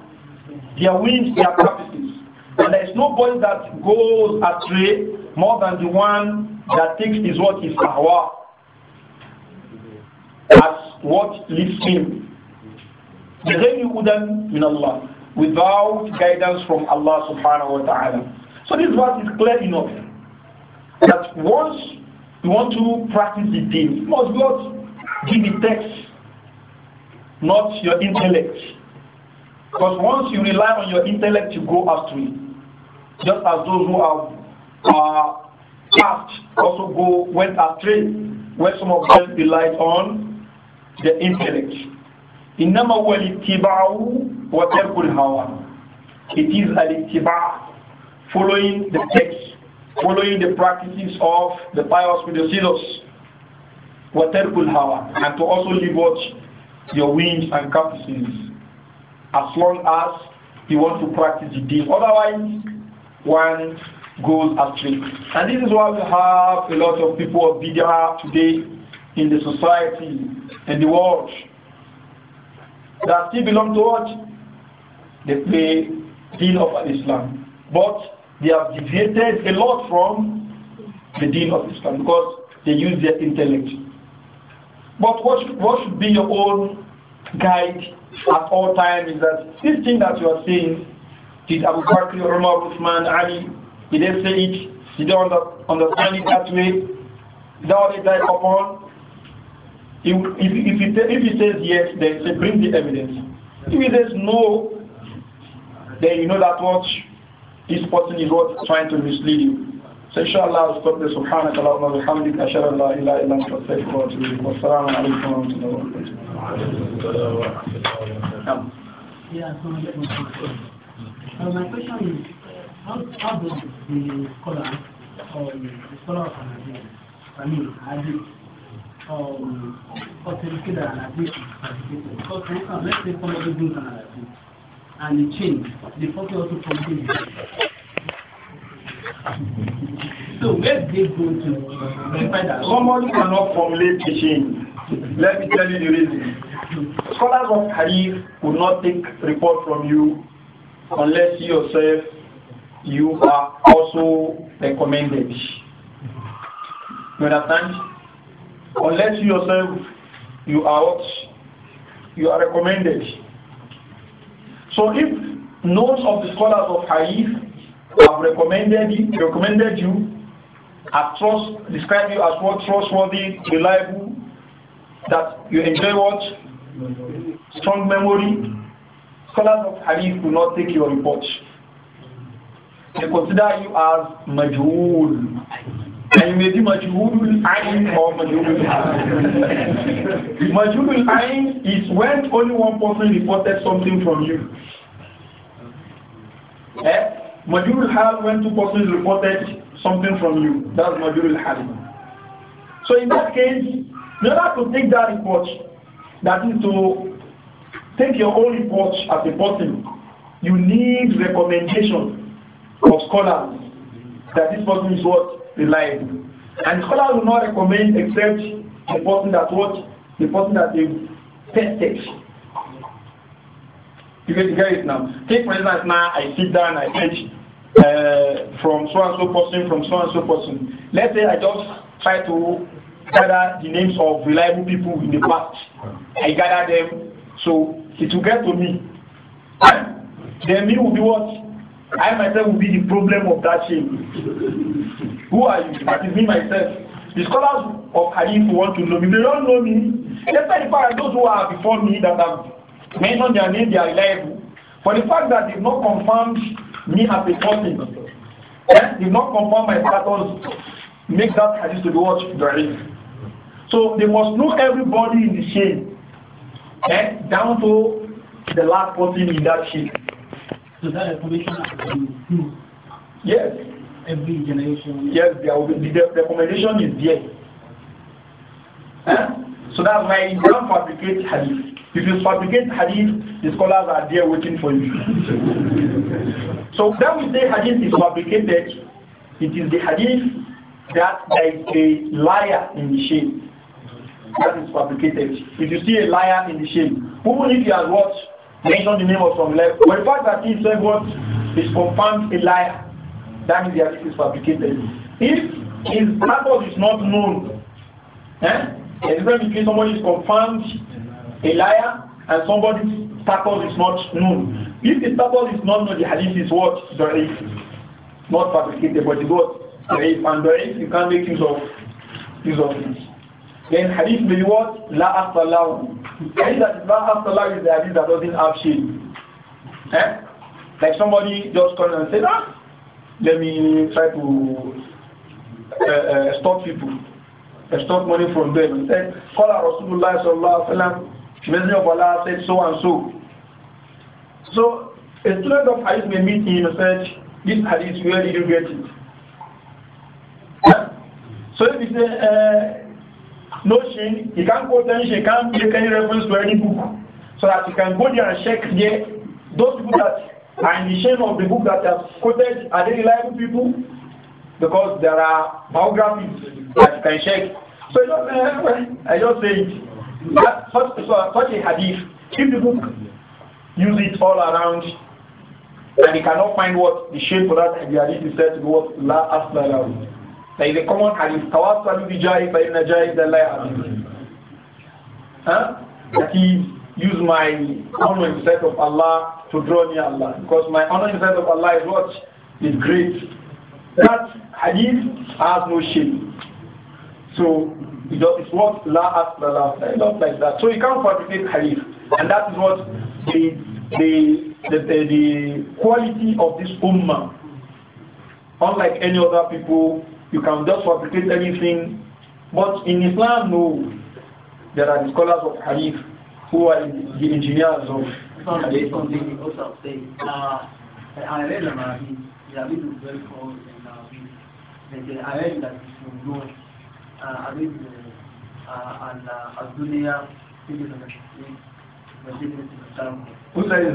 their wings, their purposes. And there is boy that goes astray more than the one that thinks his what is hawa as what leads him. بغير هدى من الله without guidance from Allah subhanahu wa ta'ala. So this verse is clear enough that once you want to practice the things, you must not give the text, not your intellect. Because once you rely on your intellect, you go astray. Just as those who have uh, passed also go went astray when some of them relied on the intellect. إنما هو الاتباع وترك الهوى. It is following the text, following the practices of the pious predecessors, waterkul hawa, and to also leave what your wings and caprices, as long as you want to practice the deed. Otherwise, one goes astray. And this is why we have a lot of people of bid'ah today in the society, and the world, that still belong to what? they the deen of Islam. But they have deviated a lot from the deen of Islam because they use their intellect. But what should, what should be your own guide at all times is that this thing that you are saying, did Abu Bakr, Umar, Uthman, Ali, did they say it? Did they understand it that way? Is that what they died upon? If, if, if, if he says yes, then say bring the evidence. If he says no, then you know that what this person is what trying to mislead you. So inshallah stop there. Subhanaka Allahumma bihamdik. Ashara la ilaha illa anta astaghfiruka wa atubu ilayk. Wassalamu alaikum wa rahmatullahi wa barakatuh. Yeah, so my question is, how, how does the Quran or um, the scholar of I mean, hadith, um, authenticate an hadith? Because let's say and change the focus also pumping. so where they go to verify that? Somebody cannot formulate a chain. Let me tell you the reason. Scholars of Hadith will not take report from you unless you yourself you are also recommended. You understand? Unless you yourself you are You are recommended so if notes of the scholars of Hadith have recommended you, recommended you trust, you as what trustworthy, reliable, that you enjoy what strong memory, scholars of Hadith will not take your reports. They consider you as majhul. And you may do majhulul ayn or majhulul ayn. The majhulul is when only one person reported something from you. Eh? Majhulul hal when two persons reported something from you. That's majhulul hal. So in that case, you have to take that report. That is to take your own report as a person. You need recommendation of scholars that this person is what reliable. And scholars will not recommend except the person that what the person that they tested. You Because you get it now. Take for instance now I sit down I teach uh, from so and so person from so and so person. Let's say I just try to gather the names of reliable people in the past. I gather them so it will get to me. Then me will be what? I myself will be the problem of that shame. Who are you? That is me myself. The scholars of Hadith want to know me. They don't know me. let the fact that those who are before me that have mentioned their name, they are liable. For the fact that they've not confirmed me as a person, yeah, they've not confirmed my status, make that Hadith to be what? Very. So they must know everybody in the shame, yeah, down to the last person in that shame. So that recommendation has been Yes. Every generation. Yes, the, the recommendation is there. Eh? So that's why you don't fabricate hadith. If you fabricate hadith, the scholars are there waiting for you. so that we say hadith is fabricated, it is the hadith that there is a liar in the shame. That is fabricated. If you see a liar in the shame, even if you are watched mention the name of some left. when the fact that he said what is confirmed a liar, that means the hadith is fabricated. If his purpose is not known, eh? the difference between somebody is confirmed a liar and somebody's purpose is not known. If the purpose is not known, the hadith is what? Da'if. Not fabricated, but it's what? Da'if. And da'if, you can't make use of, use of it. Then hadith may be what? La asalahu. Hadith that is la asalahu is the hadith that doesn't have shade. Eh? Like somebody just come and say, ah, let me try to uh, uh, stop people, eh, stop money from them. And say, call out Rasulullah sallallahu alayhi wa sallam, Messenger of Allah said so and so. So, a student of hadith may meet him and say, this hadith, where did you get it? So if he say, uh, no shame. You can't quote any shin, he can't make any reference to any book. So that you can go there and check there. Those people that are in the shame of the book that are quoted, are they reliable people? Because there are biographies that you can check. So you know, eh, I just say it. That, such, such a hadith, if the book use it all around, and you cannot find what the shape for that hadith is said to be what La Aslalahu. There is a common hadith, Tawassalu bi jahil fa inna jahil Allah Huh? he use my honor in sight of Allah to draw near Allah. Because my honor in sight of Allah is what? Is great. That hadith has no shame. So, it's what la asla la not like that. So you can't fabricate hadith. And that is what the, the, the, the, the quality of this ummah unlike any other people you can just fabricate anything. But in Islam, no. There are the scholars of Hadith who are the engineers of Hadith. Something also saying, they are very and uh, I read that he should go, Who says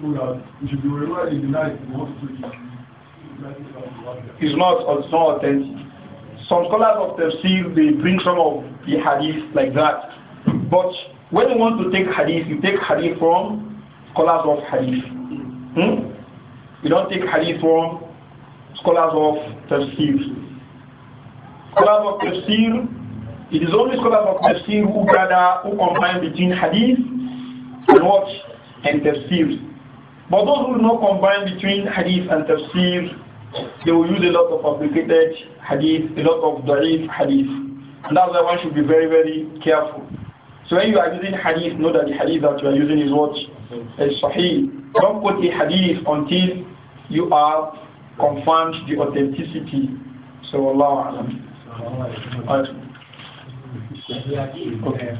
is not it's not authentic. Some scholars of tafsir they bring some of the hadith like that, but when you want to take hadith, you take hadith from scholars of hadith. Hmm? You don't take hadith from scholars of tafsir. Scholars of tafsir, it is only scholars of tafsir who gather, who combine between hadith and what and tafsir. But those who do not combine between hadith and tafsir, they will use a lot of fabricated hadith, a lot of da'if hadith. And that's why one should be very, very careful. So when you are using hadith, know that the hadith that you are using is what? Is sahih. Don't put a hadith until you are confirmed the authenticity. So Allah Alam. Okay.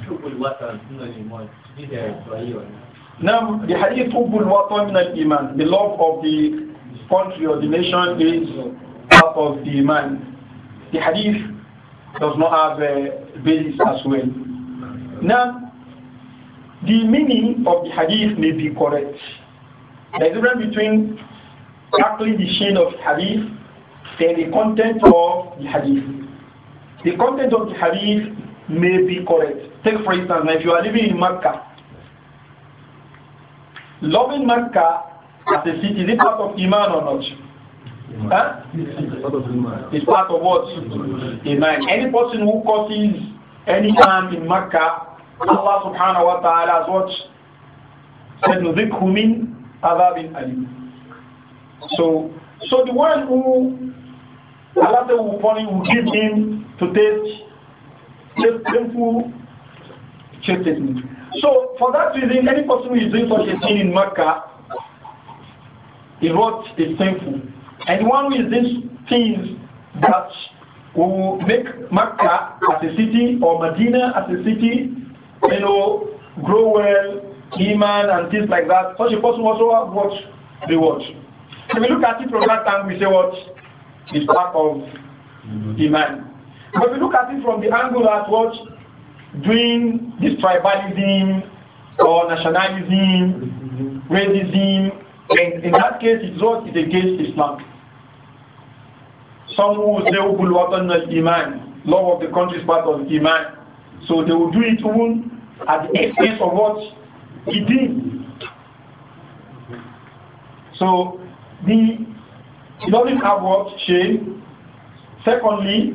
Uh, now, the hadith Ubul Watan min the iman the love of the country or the nation is part of the Iman. The hadith does not have a basis as well. Now, the meaning of the hadith may be correct. The difference between exactly the sheen of the hadith and the content of the hadith. The content of the hadith may be correct. Take for instance, if you are living in Makkah, loving Mecca as a city, is it part of Iman or not? Huh? It's part of what? Iman. Any person who causes any harm in Mecca, Allah subhanahu wa ta'ala has what? Said, نُذِكْهُ مِنْ عَذَابٍ أَلِيمٍ So, so the one who Allah will will give him to taste painful chastisement. So for that reason, any person who is doing such a thing in Mecca is what is sinful. And one who is doing things that will make Mecca as a city or Medina as a city, you know, grow well, iman and things like that, such a person also have what they watch. If we look at it from that angle, we say what is part of iman. But if we look at it from the angle that what doing this tribalism or nationalism, racism, and in that case, it's what is against Islam. Some will say, Ubul Watan al Iman, law of the country is part of Iman. So they will do it even at the expense of what he did. So the, it doesn't have what shame. Secondly,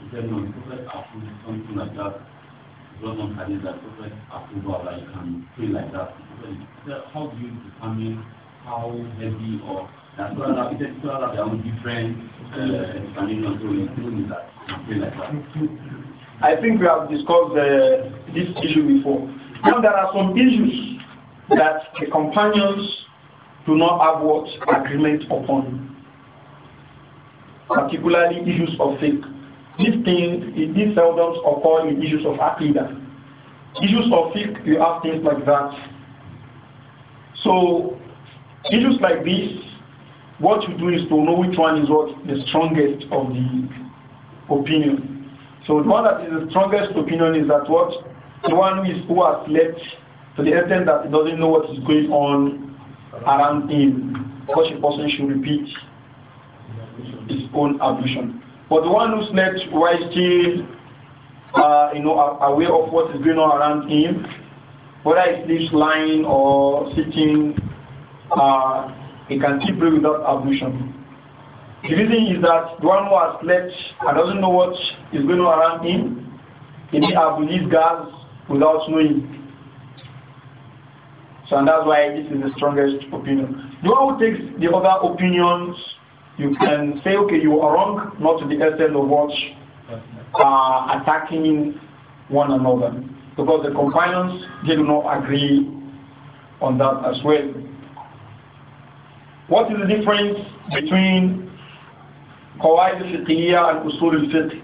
How do you determine how heavy or that's it's different uh, that like that. I think we have discussed uh, this issue before. Now there are some issues that the companions do not have what agreement upon, particularly issues of faith. These things, these seldom occur in issues of Akida. Issues of fiqh, you have things like that. So, issues like this, what you do is to know which one is what the strongest of the opinion. So the one that is the strongest opinion is that what the one who is who has left to the extent that he doesn't know what is going on around him, such a person should repeat his own ablution. But the one who slept while still, uh, you know, aware of what is going on around him, whether he sleeps lying or sitting, uh, he can still pray without ablution. The reason is that the one who has slept and doesn't know what is going on around him, he may have released gas without knowing. So and that's why this is the strongest opinion. The one who takes the other opinions you can say, okay, you are wrong, not to the extent of what uh, attacking one another. Because the companions, they do not agree on that as well. What is the difference between قواعد الفقهية and أصول الفقه?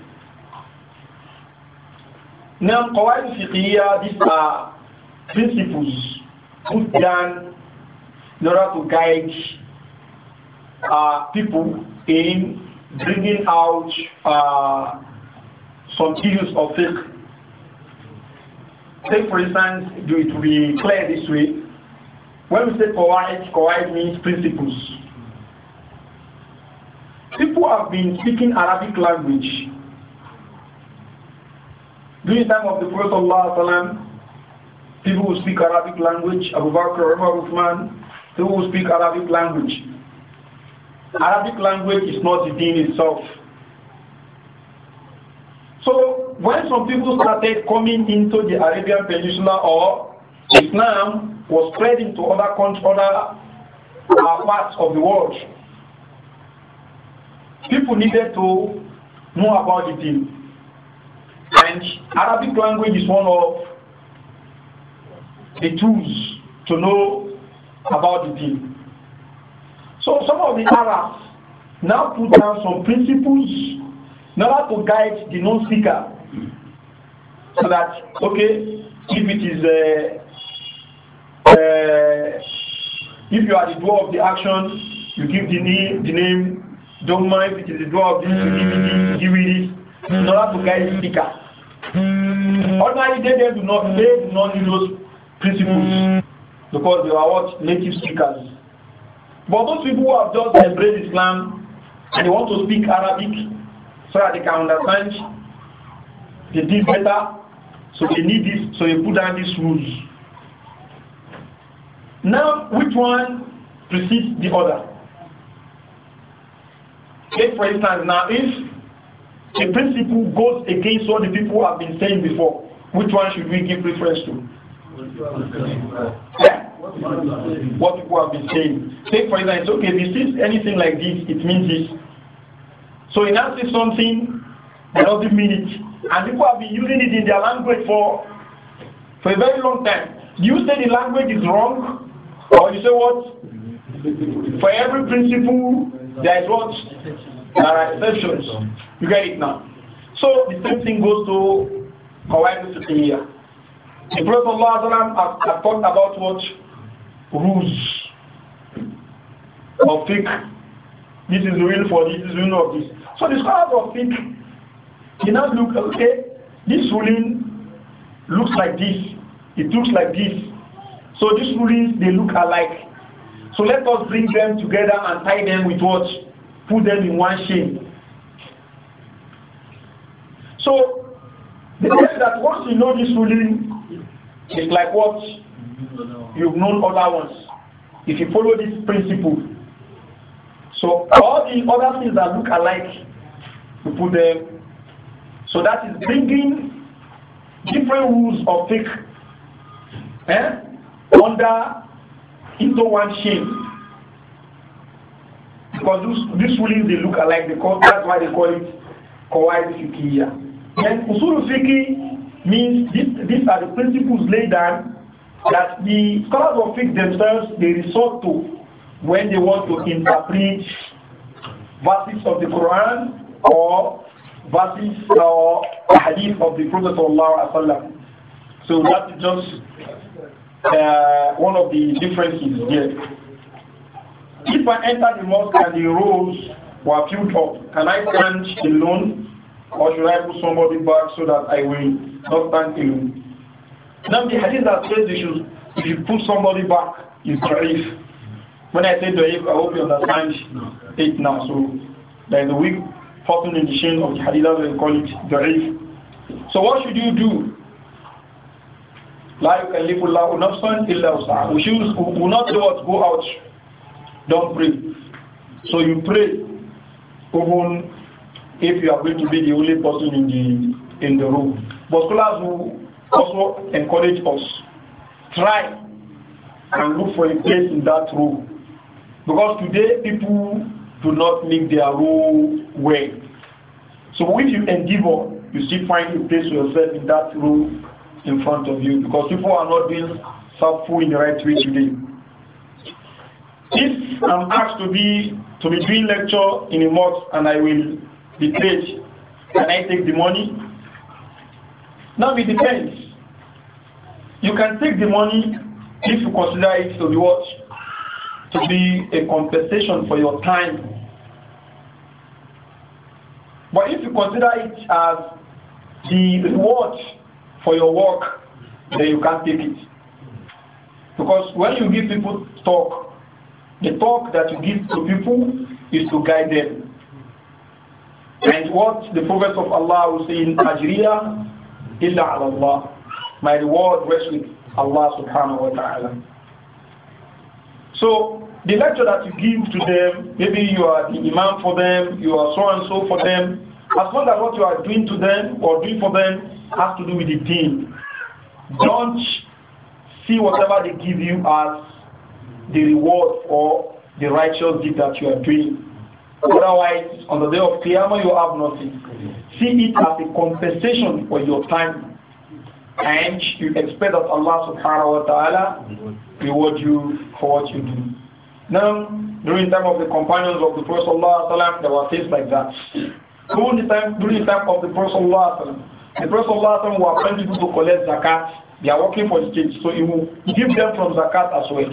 Now, قواعد الفقهية, these are principles put down in order to guide uh, people in bringing out uh, some issues of fake? Take for instance, do it to be clear this way. When we say kawaid, kawaid means principles. People have been speaking Arabic language. During the time of the Prophet Allah, people who speak Arabic language, Abu Bakr, Umar, Uthman, people who speak Arabic language. Arabic language is not the deen itself. So when some people started coming into the Arabian Peninsula or Islam was spreading to other countries, other uh, parts of the world, people needed to know about the deen. And Arabic language is one of the tools to know about the deen. So some of the Arabs now put down some principles in order to guide the non speaker So that, okay, if it is a, uh, uh, if you are the doer of the action, you give the name, the name don't mind if it is the doer of this, you give it, you give it, in order to guide the speaker. Ordinarily, they, they do not, they do not those principles because they are what native speakers. But those people who have just embraced Islam and they want to speak Arabic so that they can understand they did better, so they need this, so they put down these rules. Now, which one precedes the other? Take for instance, now if a principle goes against what the people have been saying before, which one should we give preference to? Yeah what people have been saying. Say for example, okay, if he sees anything like this, it means this. So he now says something that doesn't mean it. And people have been using it in their language for for a very long time. You say the language is wrong, or you say what? For every principle, there is what? There are exceptions. You get it now. So the same thing goes to Hawaii to here. The Prophet Allah has, has talked about what? rules of fiqh. This is the rule for this, this is the rule of this. So the scholars of fiqh, they now look, okay, this ruling looks like this, it looks like this. So these rulings, they look alike. So let us bring them together and tie them with what? Put them in one chain. So, the tell that once you know this ruling, it's like what? you've known other ones. If you follow this principle, so all the other things that look alike, you put them. So that is bringing different rules of fiqh eh, under into one shape. Because this, this they look alike because that's why they call it kawaii fiqhiyah. Then usul means this, these are the principles laid down that the scholars of fiqh themselves they resort to when they want to interpret verses of the Quran or verses or hadith of the Prophet Allah. So that is just uh, one of the differences there. If I enter the mosque and the rules were filled up, can I stand alone or should I put somebody back so that I will not stand alone? Now the hadith that says you should, if you put somebody back is da'if. When I say da'if, I hope you understand it now. So there is a weak person in the chain of the hadith that we call it da'if. So what should you do? Like yukallifu We should we will not do what? Go out. Don't pray. So you pray even if you are going to be the only person in the in the room. But scholars who also encourage us. Try and look for a place in that room Because today people do not make their role well. So if you endeavor, you still find a place for yourself in that room in front of you because people are not being helpful in the right way today. If I'm asked to be to be doing lecture in a month and I will be paid, can I take the money? Now it depends. You can take the money if you consider it to be what? To be a compensation for your time. But if you consider it as the reward for your work, then you can't take it. Because when you give people talk, the talk that you give to people is to guide them. And what the Prophet of Allah was saying, Ajriya illa Allah. My reward rests with Allah subhanahu wa ta'ala. So the lecture that you give to them, maybe you are the imam for them, you are so and so for them, as long as what you are doing to them or doing for them has to do with the deen. Don't see whatever they give you as the reward for the righteous deed that you are doing. Otherwise, on the day of Qiyamah, you have nothing. See it as a compensation for your time. And you expect that Allah subhanahu wa ta'ala reward you for what you do. Now, during the time of the companions of the Prophet sallallahu there were things like that. During the time, during the time of the Prophet sallallahu the Prophet sallallahu were appointed to collect zakat. They are working for the state, so he will give them from zakat as well.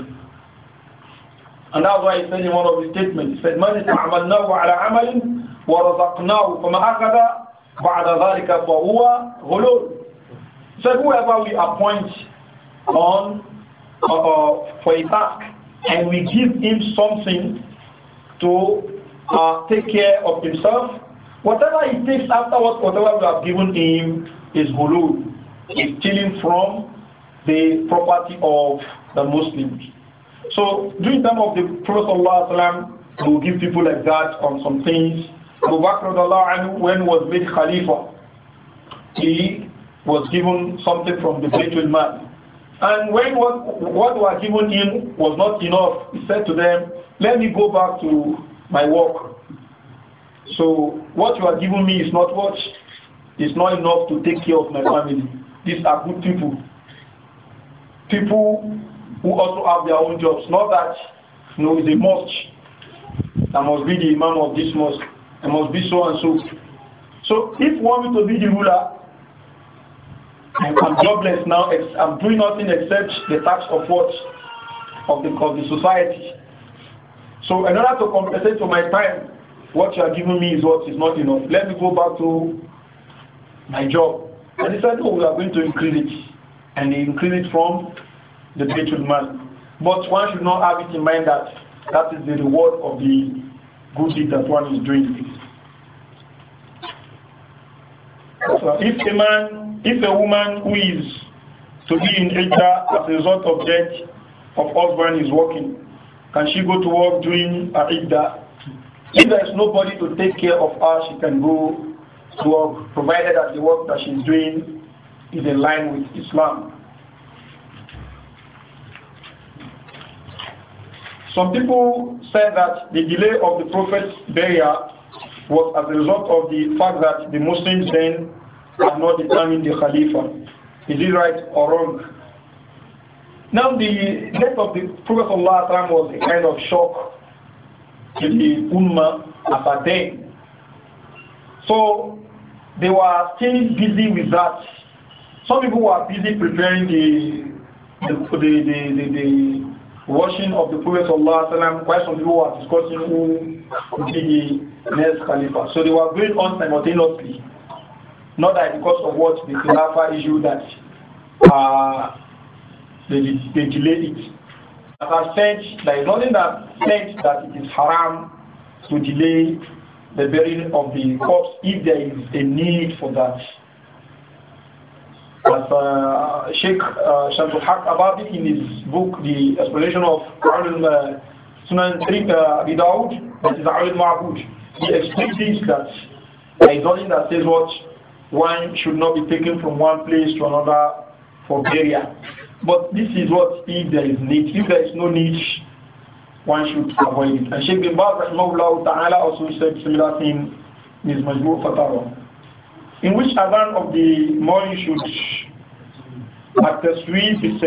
And that's why he said in one of his statements, he said, مَنِ اسْتَعْمَلْنَاهُ عَلَى عَمَلٍ وَرَزَقْنَاهُ فَمَا أَخَذَ بَعْدَ ذَلِكَ فَهُوَ غُلُولٌ So whoever we appoint on uh, uh, for a task and we give him something to uh, take care of himself, whatever he takes afterwards, whatever we have given him is hulul, is stealing from the property of the Muslims. So during time of the Prophet ﷺ, he will give people like that on some things. Abu Bakr anhu, when was made Khalifa, he was given something from the Baitul man. And when what, what was given him was not enough, he said to them, let me go back to my work. So what you are giving me is not what is not enough to take care of my family. These are good people. People who also have their own jobs. Not that you know, it's a must. I must be the imam of this mosque. I must be so and so. So if you want me to be the ruler, I'm jobless now. I'm doing nothing except the tax of what? Of the, of the society. So in order to compensate for my time, what you are giving me is what is not enough. Let me go back to my job. And he said, oh, we are going to increase it. And they increase it from the Baitul man, But one should not have it in mind that that is the reward of the good deed that one is doing. So if a man, if a woman who is to be in Idda as a result of death of husband is working, can she go to work during Idda? If there is nobody to take care of her, she can go to work, provided that the work that she is doing is in line with Islam. Some people said that the delay of the prophet's burial was as a result of the fact that the Muslims then had not determined the Khalifa. Is it right or wrong? Now the death of the Prophet Allah was a kind of shock to the Ummah at that So they were still busy with that. Some people were busy preparing the the the, the, the, the washing of the Prophet Sallallahu quite some people were discussing who would be the next Khalifa. So they were going on simultaneously. Not that because of what the Khalifa issue that uh, they, they delayed it. As I said, there is nothing that said that it is haram to delay the burying of the corpse if there is a need for that. But uh, Sheikh uh, Shamsul Haq Abadi in his book, The Explanation of Quran uh, Sunan Tariq uh, Abi Dawud, that is Al Ma'bud, he explains this that there is nothing that says what wine should not be taken from one place to another for burial. But this is what if there is need. If there is no need, one should avoid it. And Sheikh bin Baz Rahimahullah Ta'ala also said similar thing in his Majmur Fatara. In which Adhan of the morning should after the sweet be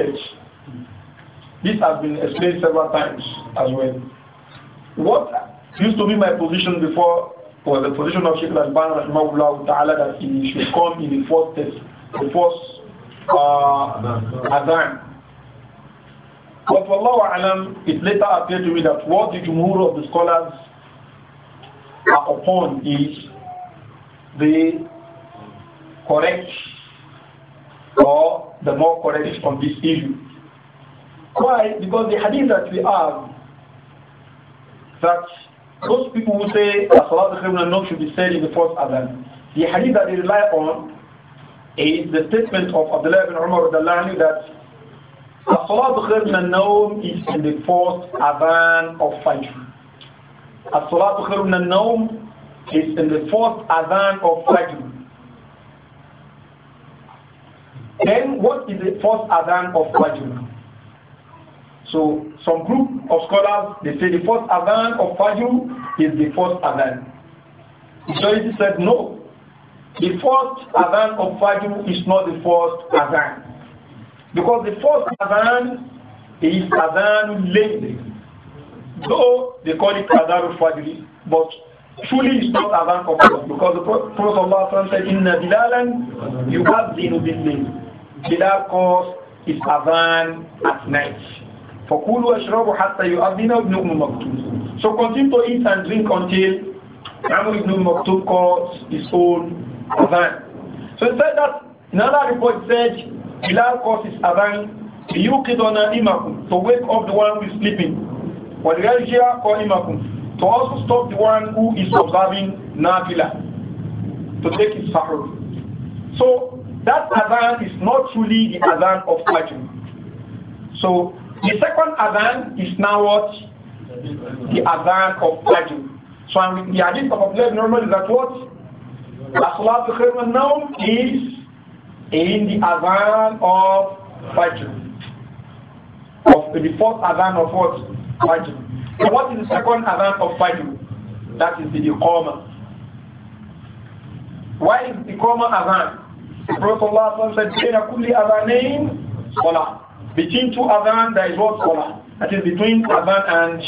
This has been explained several times as well. What used to be my position before was the position of Sheikh Al-Ban Rahimahullah Ta'ala that he should come in the first test, the first uh, Adhan. But Wallahu Alam, it later appeared to me that what the Jumhur of the scholars are upon is the correct or the more correct on this issue. Why? Because the hadith that we have that those people who say as Salat al-Khimran should be said in the first Adhan, the hadith that they rely on is the statement of Abdullah ibn Umar that As-salat khair min is in the fourth adhan of Fajr. As-salat khair min is in the fourth adhan of Fajr. Then what is the first Adhan of Fajr? So some group of scholars, they say the first Adhan of Fajr is the first Adhan. So he said no. The first Adhan of Fajr is not the first Adhan. Because the first Adhan is Adhan late. Though they call it Adhan of Fajr, but truly it's not Adhan of Fajr. Because the Prophet said, in Inna bilalan yuhadzinu the layl Bilal calls his Adhan at night. فَكُلُوا أَشْرَبُوا حَتَّى يُؤَذِّنَ ابْنُ أُمُّ مَكْتُومٍ So continue to eat and drink until Amr ibn umm Maktoum calls his own Adhan. So he said that, another report said, Bilal calls his Adhan ليوقظ نائمكم to wake up the one who is sleeping وليرجع قائمكم to also stop the one who is observing nafila to take his sahur so that adhan is not truly the adhan of Fajr. So the second adhan is now what? The adhan of Fajr. So the hadith of Abdullah normal is that what? the salatu khairun now is in the adhan of Fajr. Of the fourth adhan of what? Fajr. So what is the second adhan of Fajr? That is the Iqama. Why is the Iqama adhan? The Prophet said, Baina kulli adhanain salah. Between two adhan, there is what salah. That is between adhan and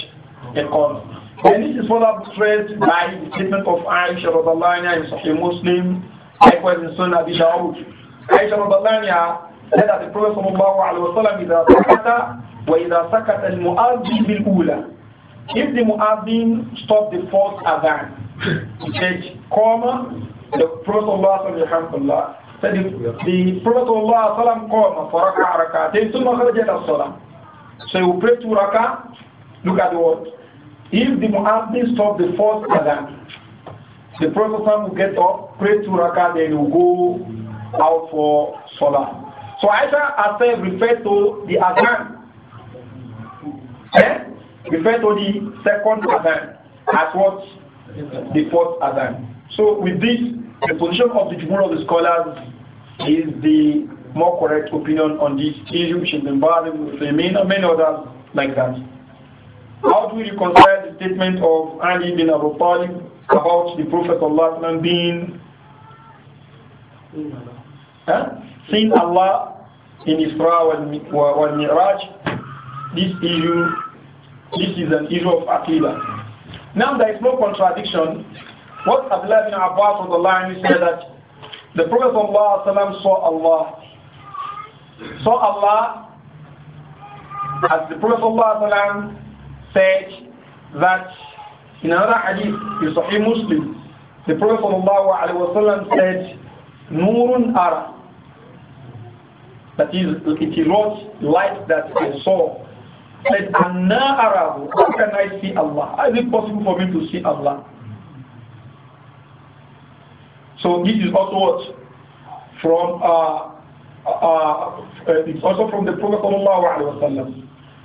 iqam. And this is further stressed by the statement of Aisha Radhalanya in Sahih Muslim, likewise in Sunnah Abi Dawud. Aisha Radhalanya said that the Prophet sallallahu alayhi wa sallam إذا سكت وإذا سكت المؤذن If the muazzin stop the fourth adhan, he said, comma, the Prophet sallallahu alayhi wa said the, the Prophet ﷺ called for rak'ah rak'ah. Then Sunnah So you pray two rak'ah, look at the word. If the Mu'addin stop the first adhan, the Prophet will get up, pray two rak'ah, then he will go out for Salah. So Aisha herself referred to the adhan. Eh? Referred to the second adhan as what? The fourth adhan. So with this, the position of the Jumhur of the scholars is the more correct opinion on this issue, which is Ibn Baz, Ibn and many others like that. How do we reconcile the statement of Ali bin Abu Talib about the Prophet Allah being huh? seeing Allah in Isra wal Mi'raj? This issue, this is an issue of Aqidah. Now there is no contradiction what Abdullah bin Abbas of the line said that the Prophet Allah saw Allah. Saw Allah as the Prophet Allah said that in another hadith in Sahih Muslim, the Prophet Allah said, Nurun Ara. That is, it is not light that I saw. Said, Anna Arahu. How can I see Allah? Is it possible for me to see Allah? So this is also what? From, uh, uh, uh, uh it's also from the Prophet Sallallahu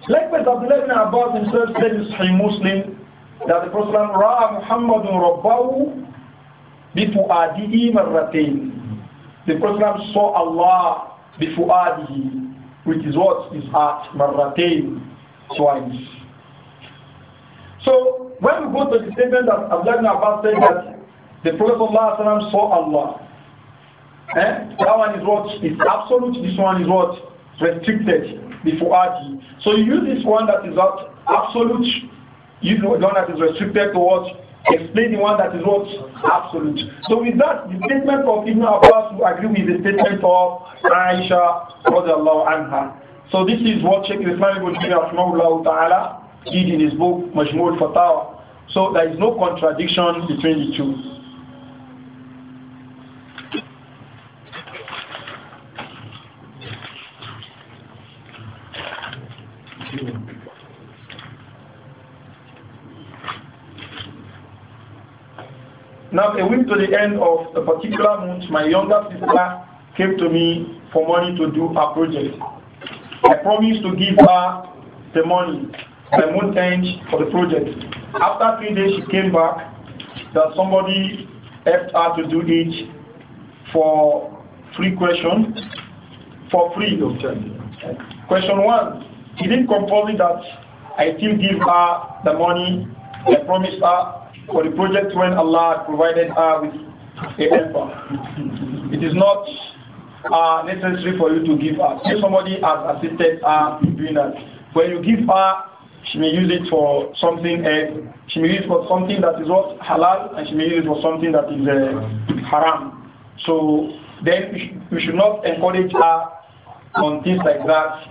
Likewise, Abdullah ibn Abbas himself said in Sahih Muslim that the Prophet Ra'a Muhammadun Rabbahu bifu'adihi marratain. The Prophet saw Allah bifu'adihi, which is what is at marratain, twice. So when we go to the statement that Abdullah ibn Abbas said that the Prophet Allah saw Allah. Eh? That one is what is absolute, this one is what restricted before Adi. So you use this one that is what absolute, you know the one that is restricted to what? Explain the one that is what absolute. So with that, the statement of Ibn Abbas will agree with the statement of Aisha anha. So this is what Sheikh Islam Ibn Taymiyyah ta'ala did in his book Majmul Fatawa. So there is no contradiction between the two. Now, a week to the end of a particular month, my younger sister came to me for money to do a project. I promised to give her the money by month end for the project. After three days, she came back that somebody helped her to do it for free question, for free. Question one, she didn't compose that I still give her the money I promised her for the project when Allah provided her with a helper. It is not uh, necessary for you to give her. If somebody has assisted her in doing that, when you give her, she may use it for something. she may use it for something that is what halal, and she may use it for something that is uh, haram. So then we should not encourage her on things like that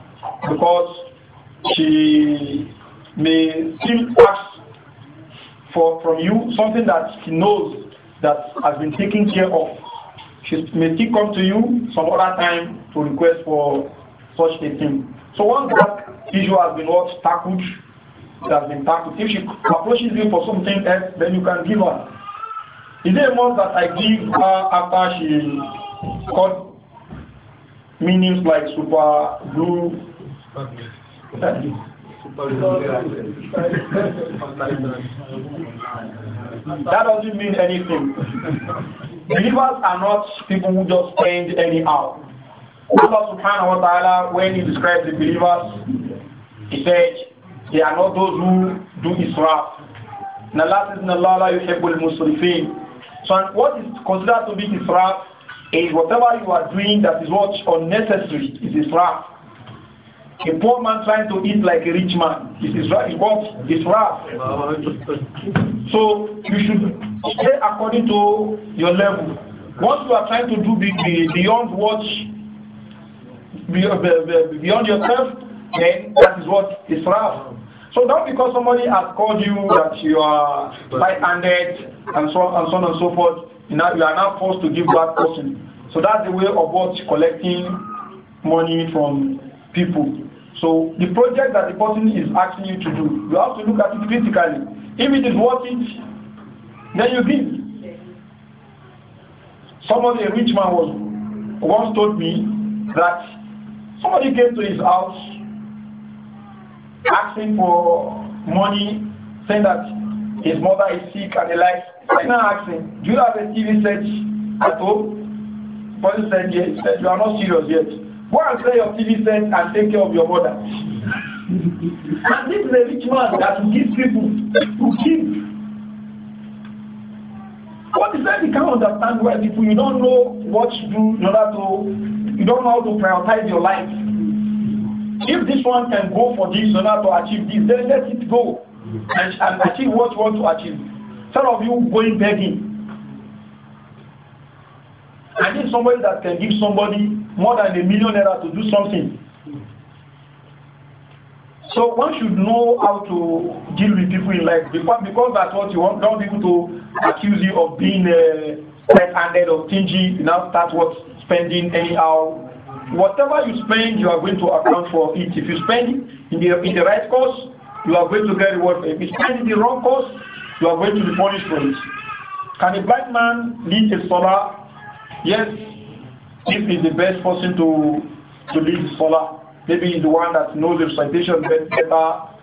because she may still ask for, from you something that she knows that has been taken care of. She may still come to you some other time to request for such a thing. So once that issue has been what tackled, it has been tackled. If she approaches you for something else, then you can give her. Is there a month that I give her after she got meanings like super blue? that doesn't mean anything. Believers are not people who just spend anyhow. Allah subhanahu wa ta'ala, when he describes the believers, he said, they are not those who do israf. So what is considered to be israf is whatever you are doing that is what unnecessary is israf. A poor man trying to eat like a rich man. This is right. What? It's rough. So you should stay according to your level. What you are trying to do beyond what beyond yourself, then that is what is rough. So not because somebody has called you that you are right-handed and so on and so on and so forth, you, you are now forced to give that person. So that's the way of what collecting money from people. So the project that the person is asking you to do, you have to look at it critically. If it is worth it, then you give. Somebody, a rich man, was once told me that somebody came to his house asking for money, saying that his mother is sick and the like. I now asked Do you have a TV set at home? The person said, Yes. He said, You are not serious yet. Go and clear your TV set and take care of your mother. and this is a rich man that will give people to give. What is that? You can't understand why people you don't know what to do in order to you don't know how to prioritize your life. If this one can go for this in order to achieve this, then let it go and, and achieve what you want to achieve. Some of you going begging. I need somebody that can give somebody more than a million naira to do something. So one should know how to deal with people in life because, because that's what you want. Don't people to accuse you of being uh, left-handed or stingy. You now start what spending anyhow. Whatever you spend, you are going to account for it. If you spend in the in the right course, you are going to get reward. If you spend in the wrong course, you are going to be punished for it. Can a blind man lead a solar? Yes, if is the best person to to lead Salah, maybe he's the one that knows the recitation better,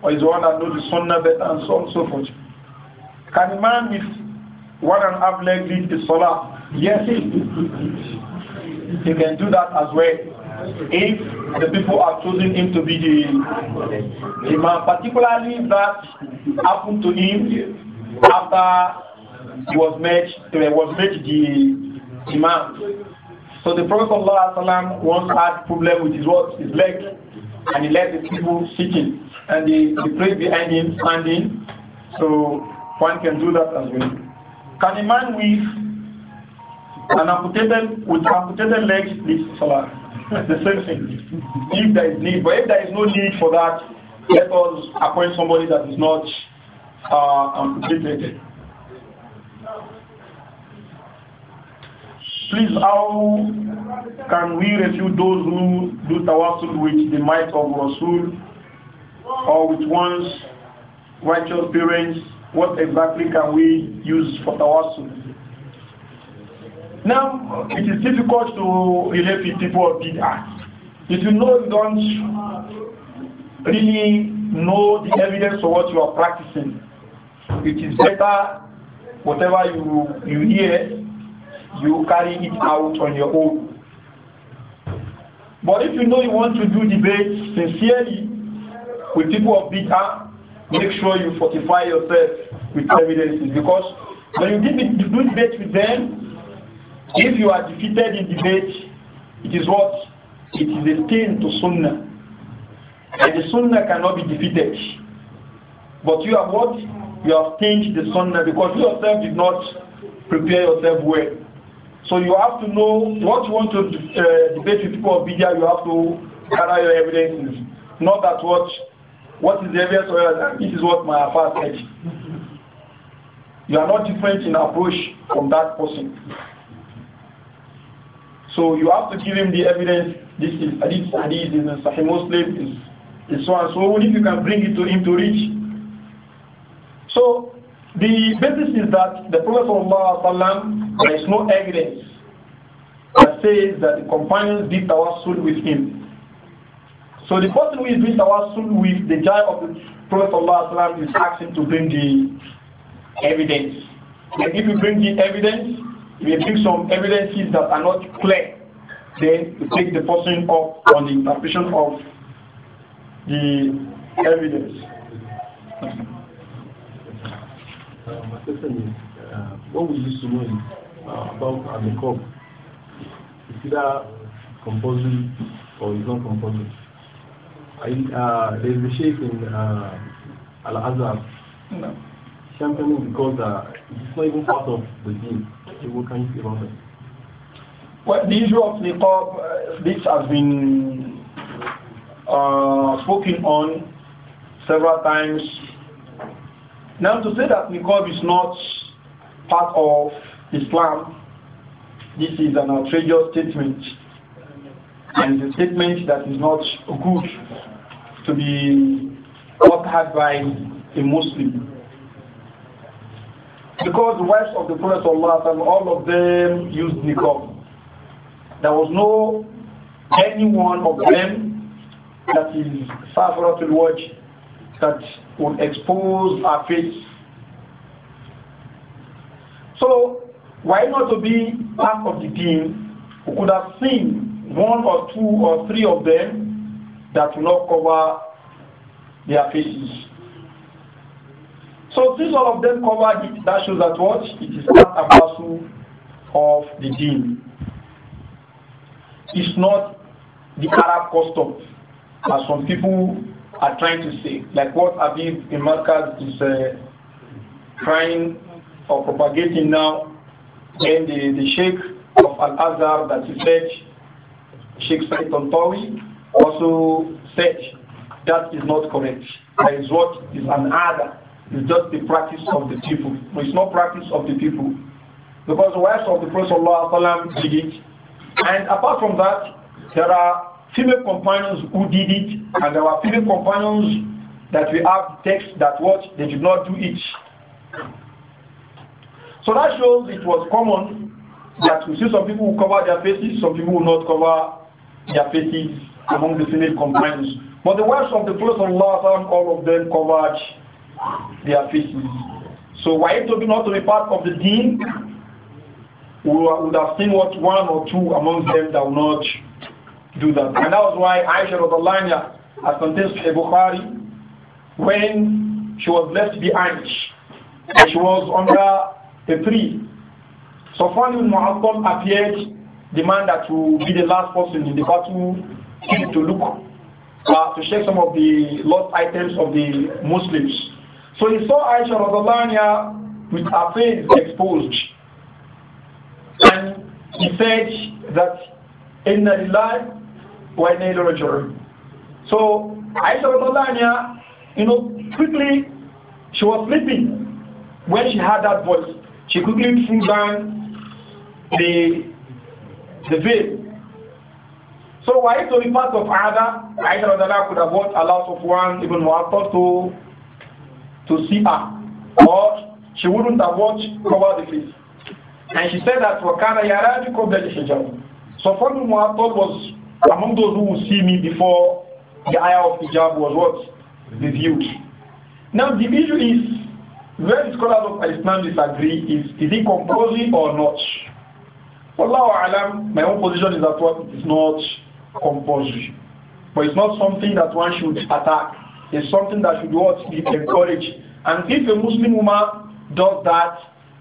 or he's the one that knows the sunnah better, and so on and so forth. Can a man with one and a half leg lead the Salah? Yes, he can do that as well. If the people are choosing him to be the imam, particularly that happened to him after he was made, was made the imam. So the Prophet ﷺ once had problem with his what? His leg. And he left the people sitting. And they, the place behind him standing. So one can do that as well. Can a man with an amputated with amputated legs leave salah? The same thing. If there is need, but if there is no need for that, let us appoint somebody that is not uh, amputated. Please, how can we refute those who do tawassul with the might of Rasul or with one's righteous parents? What exactly can we use for tawassul? Now, it is difficult to relate with people of bid'ah. If you know you don't really know the evidence for what you are practicing, it is better whatever you, you hear you carry it out on your own. But if you know you want to do debate sincerely with people of bitter, make sure you fortify yourself with evidences because when you do debate with them, if you are defeated in debate, it is what? It is a stain to Sunnah. And the Sunnah cannot be defeated. But you have what? You have changed the Sunnah because you yourself did not prepare yourself well. So you have to know what you want to uh, debate with people of media, you have to gather your evidences. Not that what what is the evidence or this is what my father said. You are not different in approach from that person. So you have to give him the evidence. This is Hadith, Hadith, this is Sahih Muslim, is, is so and so. Only if you can bring it to him to reach. So the basis is that the Prophet ﷺ, there is no evidence that says that the companions did tawassul with him. So the person who is doing tawassul with the child of the Prophet ﷺ is asking to bring the evidence. And if you bring the evidence, if you bring some evidences that are not clear, then you take the person up on the interpretation of the evidence question is, uh, what we used to know is, uh, about uh, the cup. It's either composing or it's not compulsory. Uh, there is a shape in uh, Al Azhar no. championing because uh, it's not even part of the deal. So what can you say about that? Well, the issue of niqab, uh, this has been uh, spoken on several times now to say that niqab is not part of Islam, this is an outrageous statement. And a statement that is not good to be uttered by a Muslim. Because the wives of the Prophet Allah, all of them used niqab. There was no any one of them that is to watch that would expose our faith. So, why not to be part of the team who could have seen one or two or three of them that will not cover their faces? So, since all of them covered it, that shows that what? It is part and parcel of the deen. It's not the Arab custom, as some people are trying to say, like what Abib in is uh, trying or propagating now, and the, the Sheikh of Al-Azhar that he said, Sheikh Said Tontawi, also said that is not correct. That is what is an other. It's just the practice of the people. But it's not practice of the people. Because the words of the Prophet did it. And apart from that, there are female companions who did it, and there were female companions that we have text that what they did not do it. So that shows it was common that we see some people who cover their faces, some people who not cover their faces among the female companions. But the wives of the Prophet Allah, all of them covered their faces. So why it to be not to be part of the deen, we would have seen what one or two among them that will not do that. And that was why Aisha Radallahu has contained Sahih Bukhari when she was left behind. She was under a tree. So ibn Mu'attal appeared, the man that will be the last person in the battle to look, uh, to check some of the lost items of the Muslims. So he saw Aisha Rodalanya with her face exposed. And he said that, in the life White nail a literature. So Aisha Radalania, you know, quickly, she was sleeping when she heard that voice. She quickly threw down the, the veil. So why to be part of Ada, Aisha could have watched one, even Ibn Mu'attar to, to see her. Or she wouldn't have watched cover the face. And she said that, وَكَانَ يَرَادِكُمْ بَلِ حِجَابٍ So for me, Ibn thought was among those who will see me before the ayah of hijab was what? Reviewed. Now the issue is, where scholars of Islam disagree is, is it compulsory or not? Wallahu alam, my own position is that what it is not compulsory. But it's not something that one should attack. It's something that should what, be encouraged. And if a Muslim woman does that,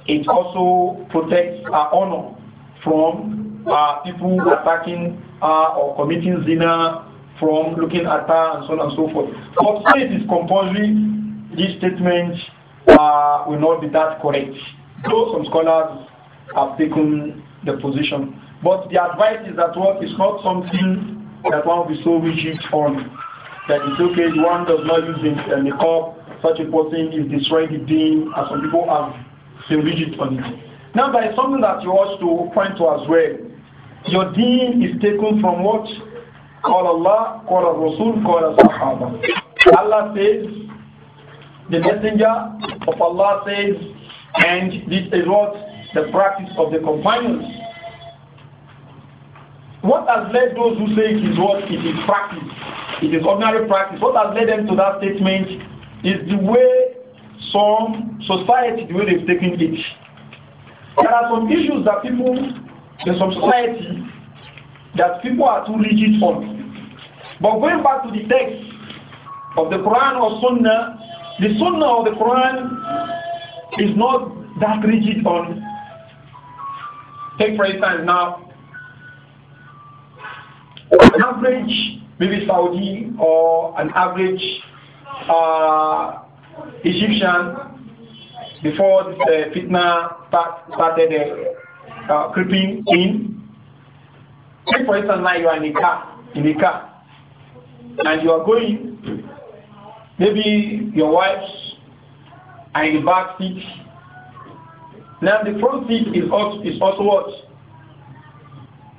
it also protects her honor from uh, people attacking her or committing zina from looking at her and so on and so forth. But say it is compulsory, this statement uh, will not be that correct. Though some scholars have taken the position. But the advice is that what is not something that one will be so rigid on. That it's okay, one does not use the uh, niqab, such a person is destroying the deen, as some people have been rigid on it. Now, there is something that you also point to as well your deen is taken from what? Call Allah, call Rasul, call Sahaba. Allah says, the messenger of Allah says, and this is what the practice of the companions. What has led those who say it is what it is practice, it is ordinary practice, what has led them to that statement is the way some society, the way they've taken it. There are some issues that people in some society that people are too rigid on. But going back to the text of the Quran or Sunnah, the Sunnah of the Quran is not that rigid on. Take for instance now, an average maybe Saudi or an average uh, Egyptian before the uh, fitna started. Uh, uh, creeping in. Take for instance now you are in a car, in a car, and you are going, maybe your wife are in the back seat. Now the front seat is also, is also what?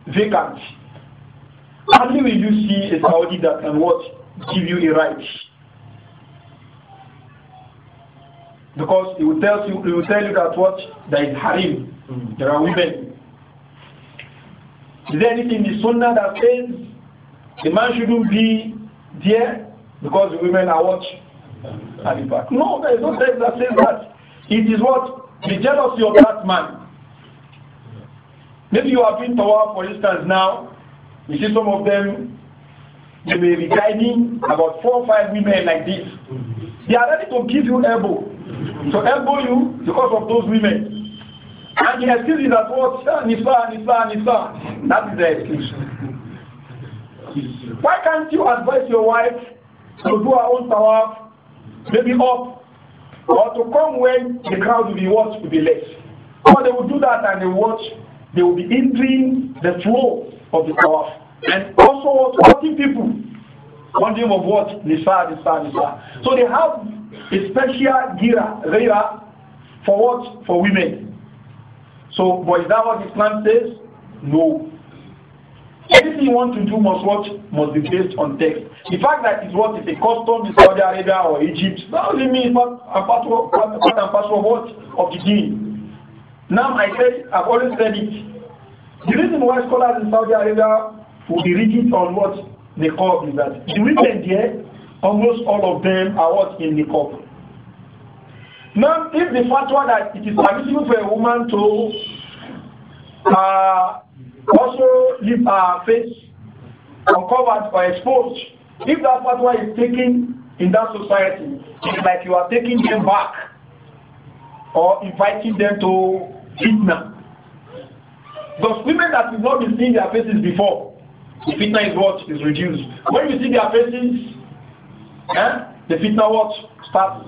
Vacant. Hardly will you see a Saudi that can what? Give you a ride. Because it will tell you, it will tell you that what there is harem, mm. there are women is there anything in the sunnah that says the man shouldn't be there because the women are what? At the back. No, there is no text that says that. It is what? The jealousy of that man. Maybe you have been tawaf, for instance, now. You see some of them, they may be guiding about four or five women like this. They are ready to give you elbow. To elbow you because of those women. And he still is at work. Nisa, Nisa, Nisa. That is the excuse. Why can't you advise your wife to do her own tawaf, maybe up, or to come when the crowd will be watched Will be less. Or they will do that and they watch, they will be entering the flow of the tawaf. And also watching people One the of what? Nisa, Nisa, Nisa. So they have a special gira, gira for what? For women. So, but is that what plan says? No. Anything you want to do must what must be based on text. The fact that it's what is a custom in Saudi Arabia or Egypt, that only means part and part of what of the deal. Now I said I've always said it. The reason why scholars in Saudi Arabia will be rigid on what call is that the women there, almost all of them are what in the niqab. Now, if the fatwa that it is permissible for a woman to uh, also leave her face uncovered or exposed, if that fatwa is taken in that society, it's like you are taking them back or inviting them to fitna. Those women that have not been seeing their faces before, the fitna is what is reduced. When you see their faces, eh, the fitna what starts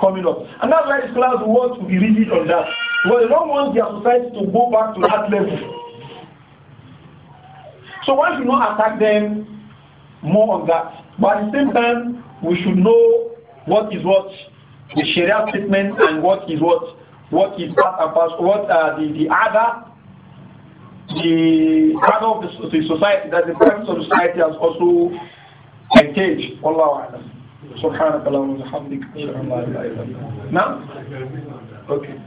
coming up. And that's why scholars want to be rigid on that. Because they don't want their society to go back to that level. So why should not attack them more on that. But at the same time, we should know what is what the Sharia statement and what is what what is part and parcel, what are the, the other the part of the, the society that the practice of society has also engaged. Allah. سبحانك اللهم وبحمدك اشهد ان لا اله الا انت نعم اوكي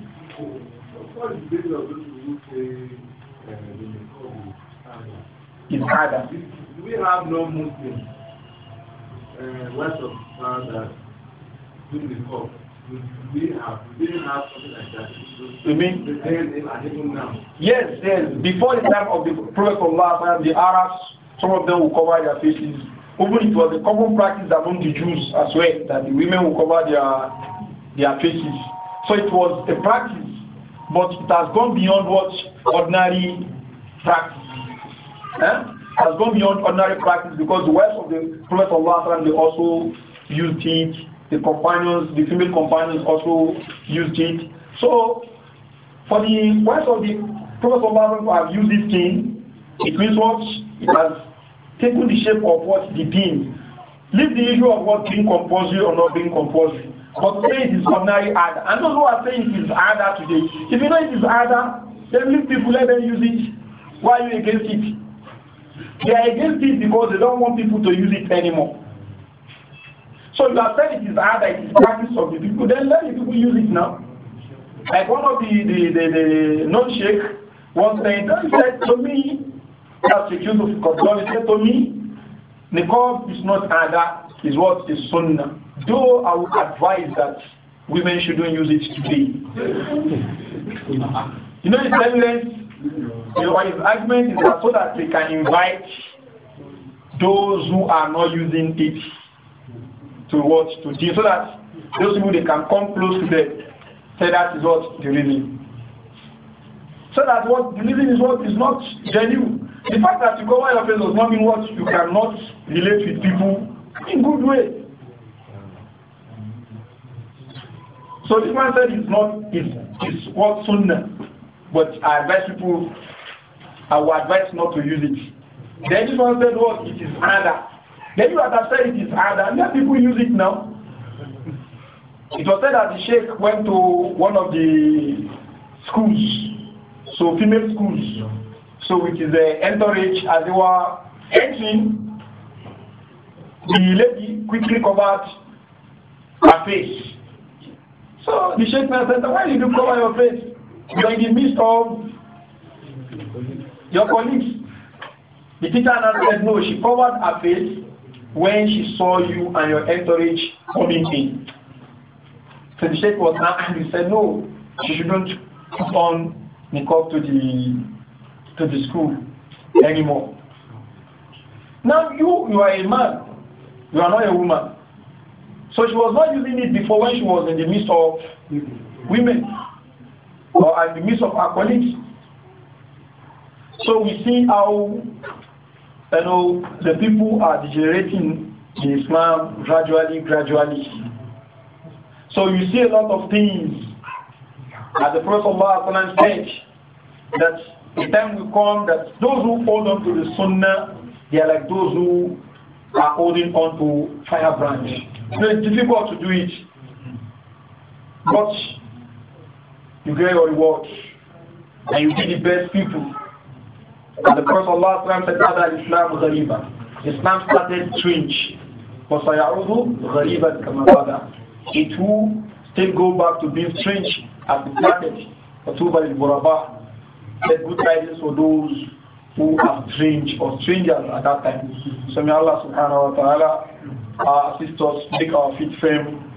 Ibada. We have no Muslim uh, west of Canada doing the cup. We have, we didn't have something like that. You mean? The even now. Yes, yes. Before the time of the Prophet Allah, the Arabs, some of them will cover their faces even it was a common practice among the Jews as well that the women would cover their their faces. So it was a practice, but it has gone beyond what ordinary practice. Eh? It has gone beyond ordinary practice because the wives of the Prophet of Allah they also used it. The companions, the female companions also used it. So for the wives of the Prophet of Allah to have used this thing, it means what? It has taking the shape of what the thing. Leave the issue of what being compulsory or not being compulsory. But say it is ordinary harder, And those who are saying it is harder today, if you know it is harder, then leave people, let them use it. Why are you against it? They are against it because they don't want people to use it anymore. So you are saying it is harder, it is practice of the people, then let the people use it now. Like one of the, the, the, the non-sheikh once said, he said to me, that's the not Qaddafi said to me, niqab is not ada, is what is sunnah. Though I would advise that women shouldn't use it today. you know it's evidence, you know, his argument is that so that they can invite those who are not using it to watch to so that those people they can come close to them. Say so that is what the reason. So that what the reason is what is not genuine. The fact that you cover your face does not mean what you cannot relate with people in good way. So this man said it's not it's, it's what sunnah, but I advise people I will advise not to use it. Then this one said what it is harder. Then you said it is harder. Let people use it now. It was said that the sheikh went to one of the schools, so female schools. So it is the entourage as they were entering, the lady quickly covered her face. So the sheikh said, why did you cover your face? You are in the midst of your colleagues. The teacher said, no, she covered her face when she saw you and your entourage coming in. So the sheikh was now and He said, no, she shouldn't put on niqab to the to the school anymore. Now you, you are a man, you are not a woman. So she was not using it before when she was in the midst of women or in the midst of her colleagues. So we see how you know the people are degenerating Islam gradually, gradually. So you see a lot of things at the Prophet stage that the time will come that those who hold on to the sunnah, they are like those who are holding on to firebrand. So it's difficult to do it. But you get your reward. And you be the best people. And the Prophet Allah said that Islam ghariba. Islam started strange. وَسَيَعُودُ غَرِيبًا كَمَا بَدَى It will still go back to being strange at the started. فَتُوبَ لِلْبُرَبَى the good tidings for those who are strange or strangers at that time. So may Allah subhanahu wa ta'ala uh, assist us, make our feet firm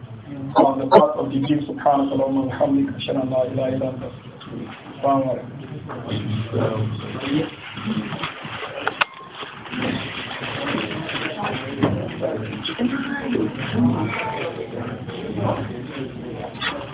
on the path of the deen. Subhanahu wa ta'ala. Ashana la ilaha illa anta. Assalamu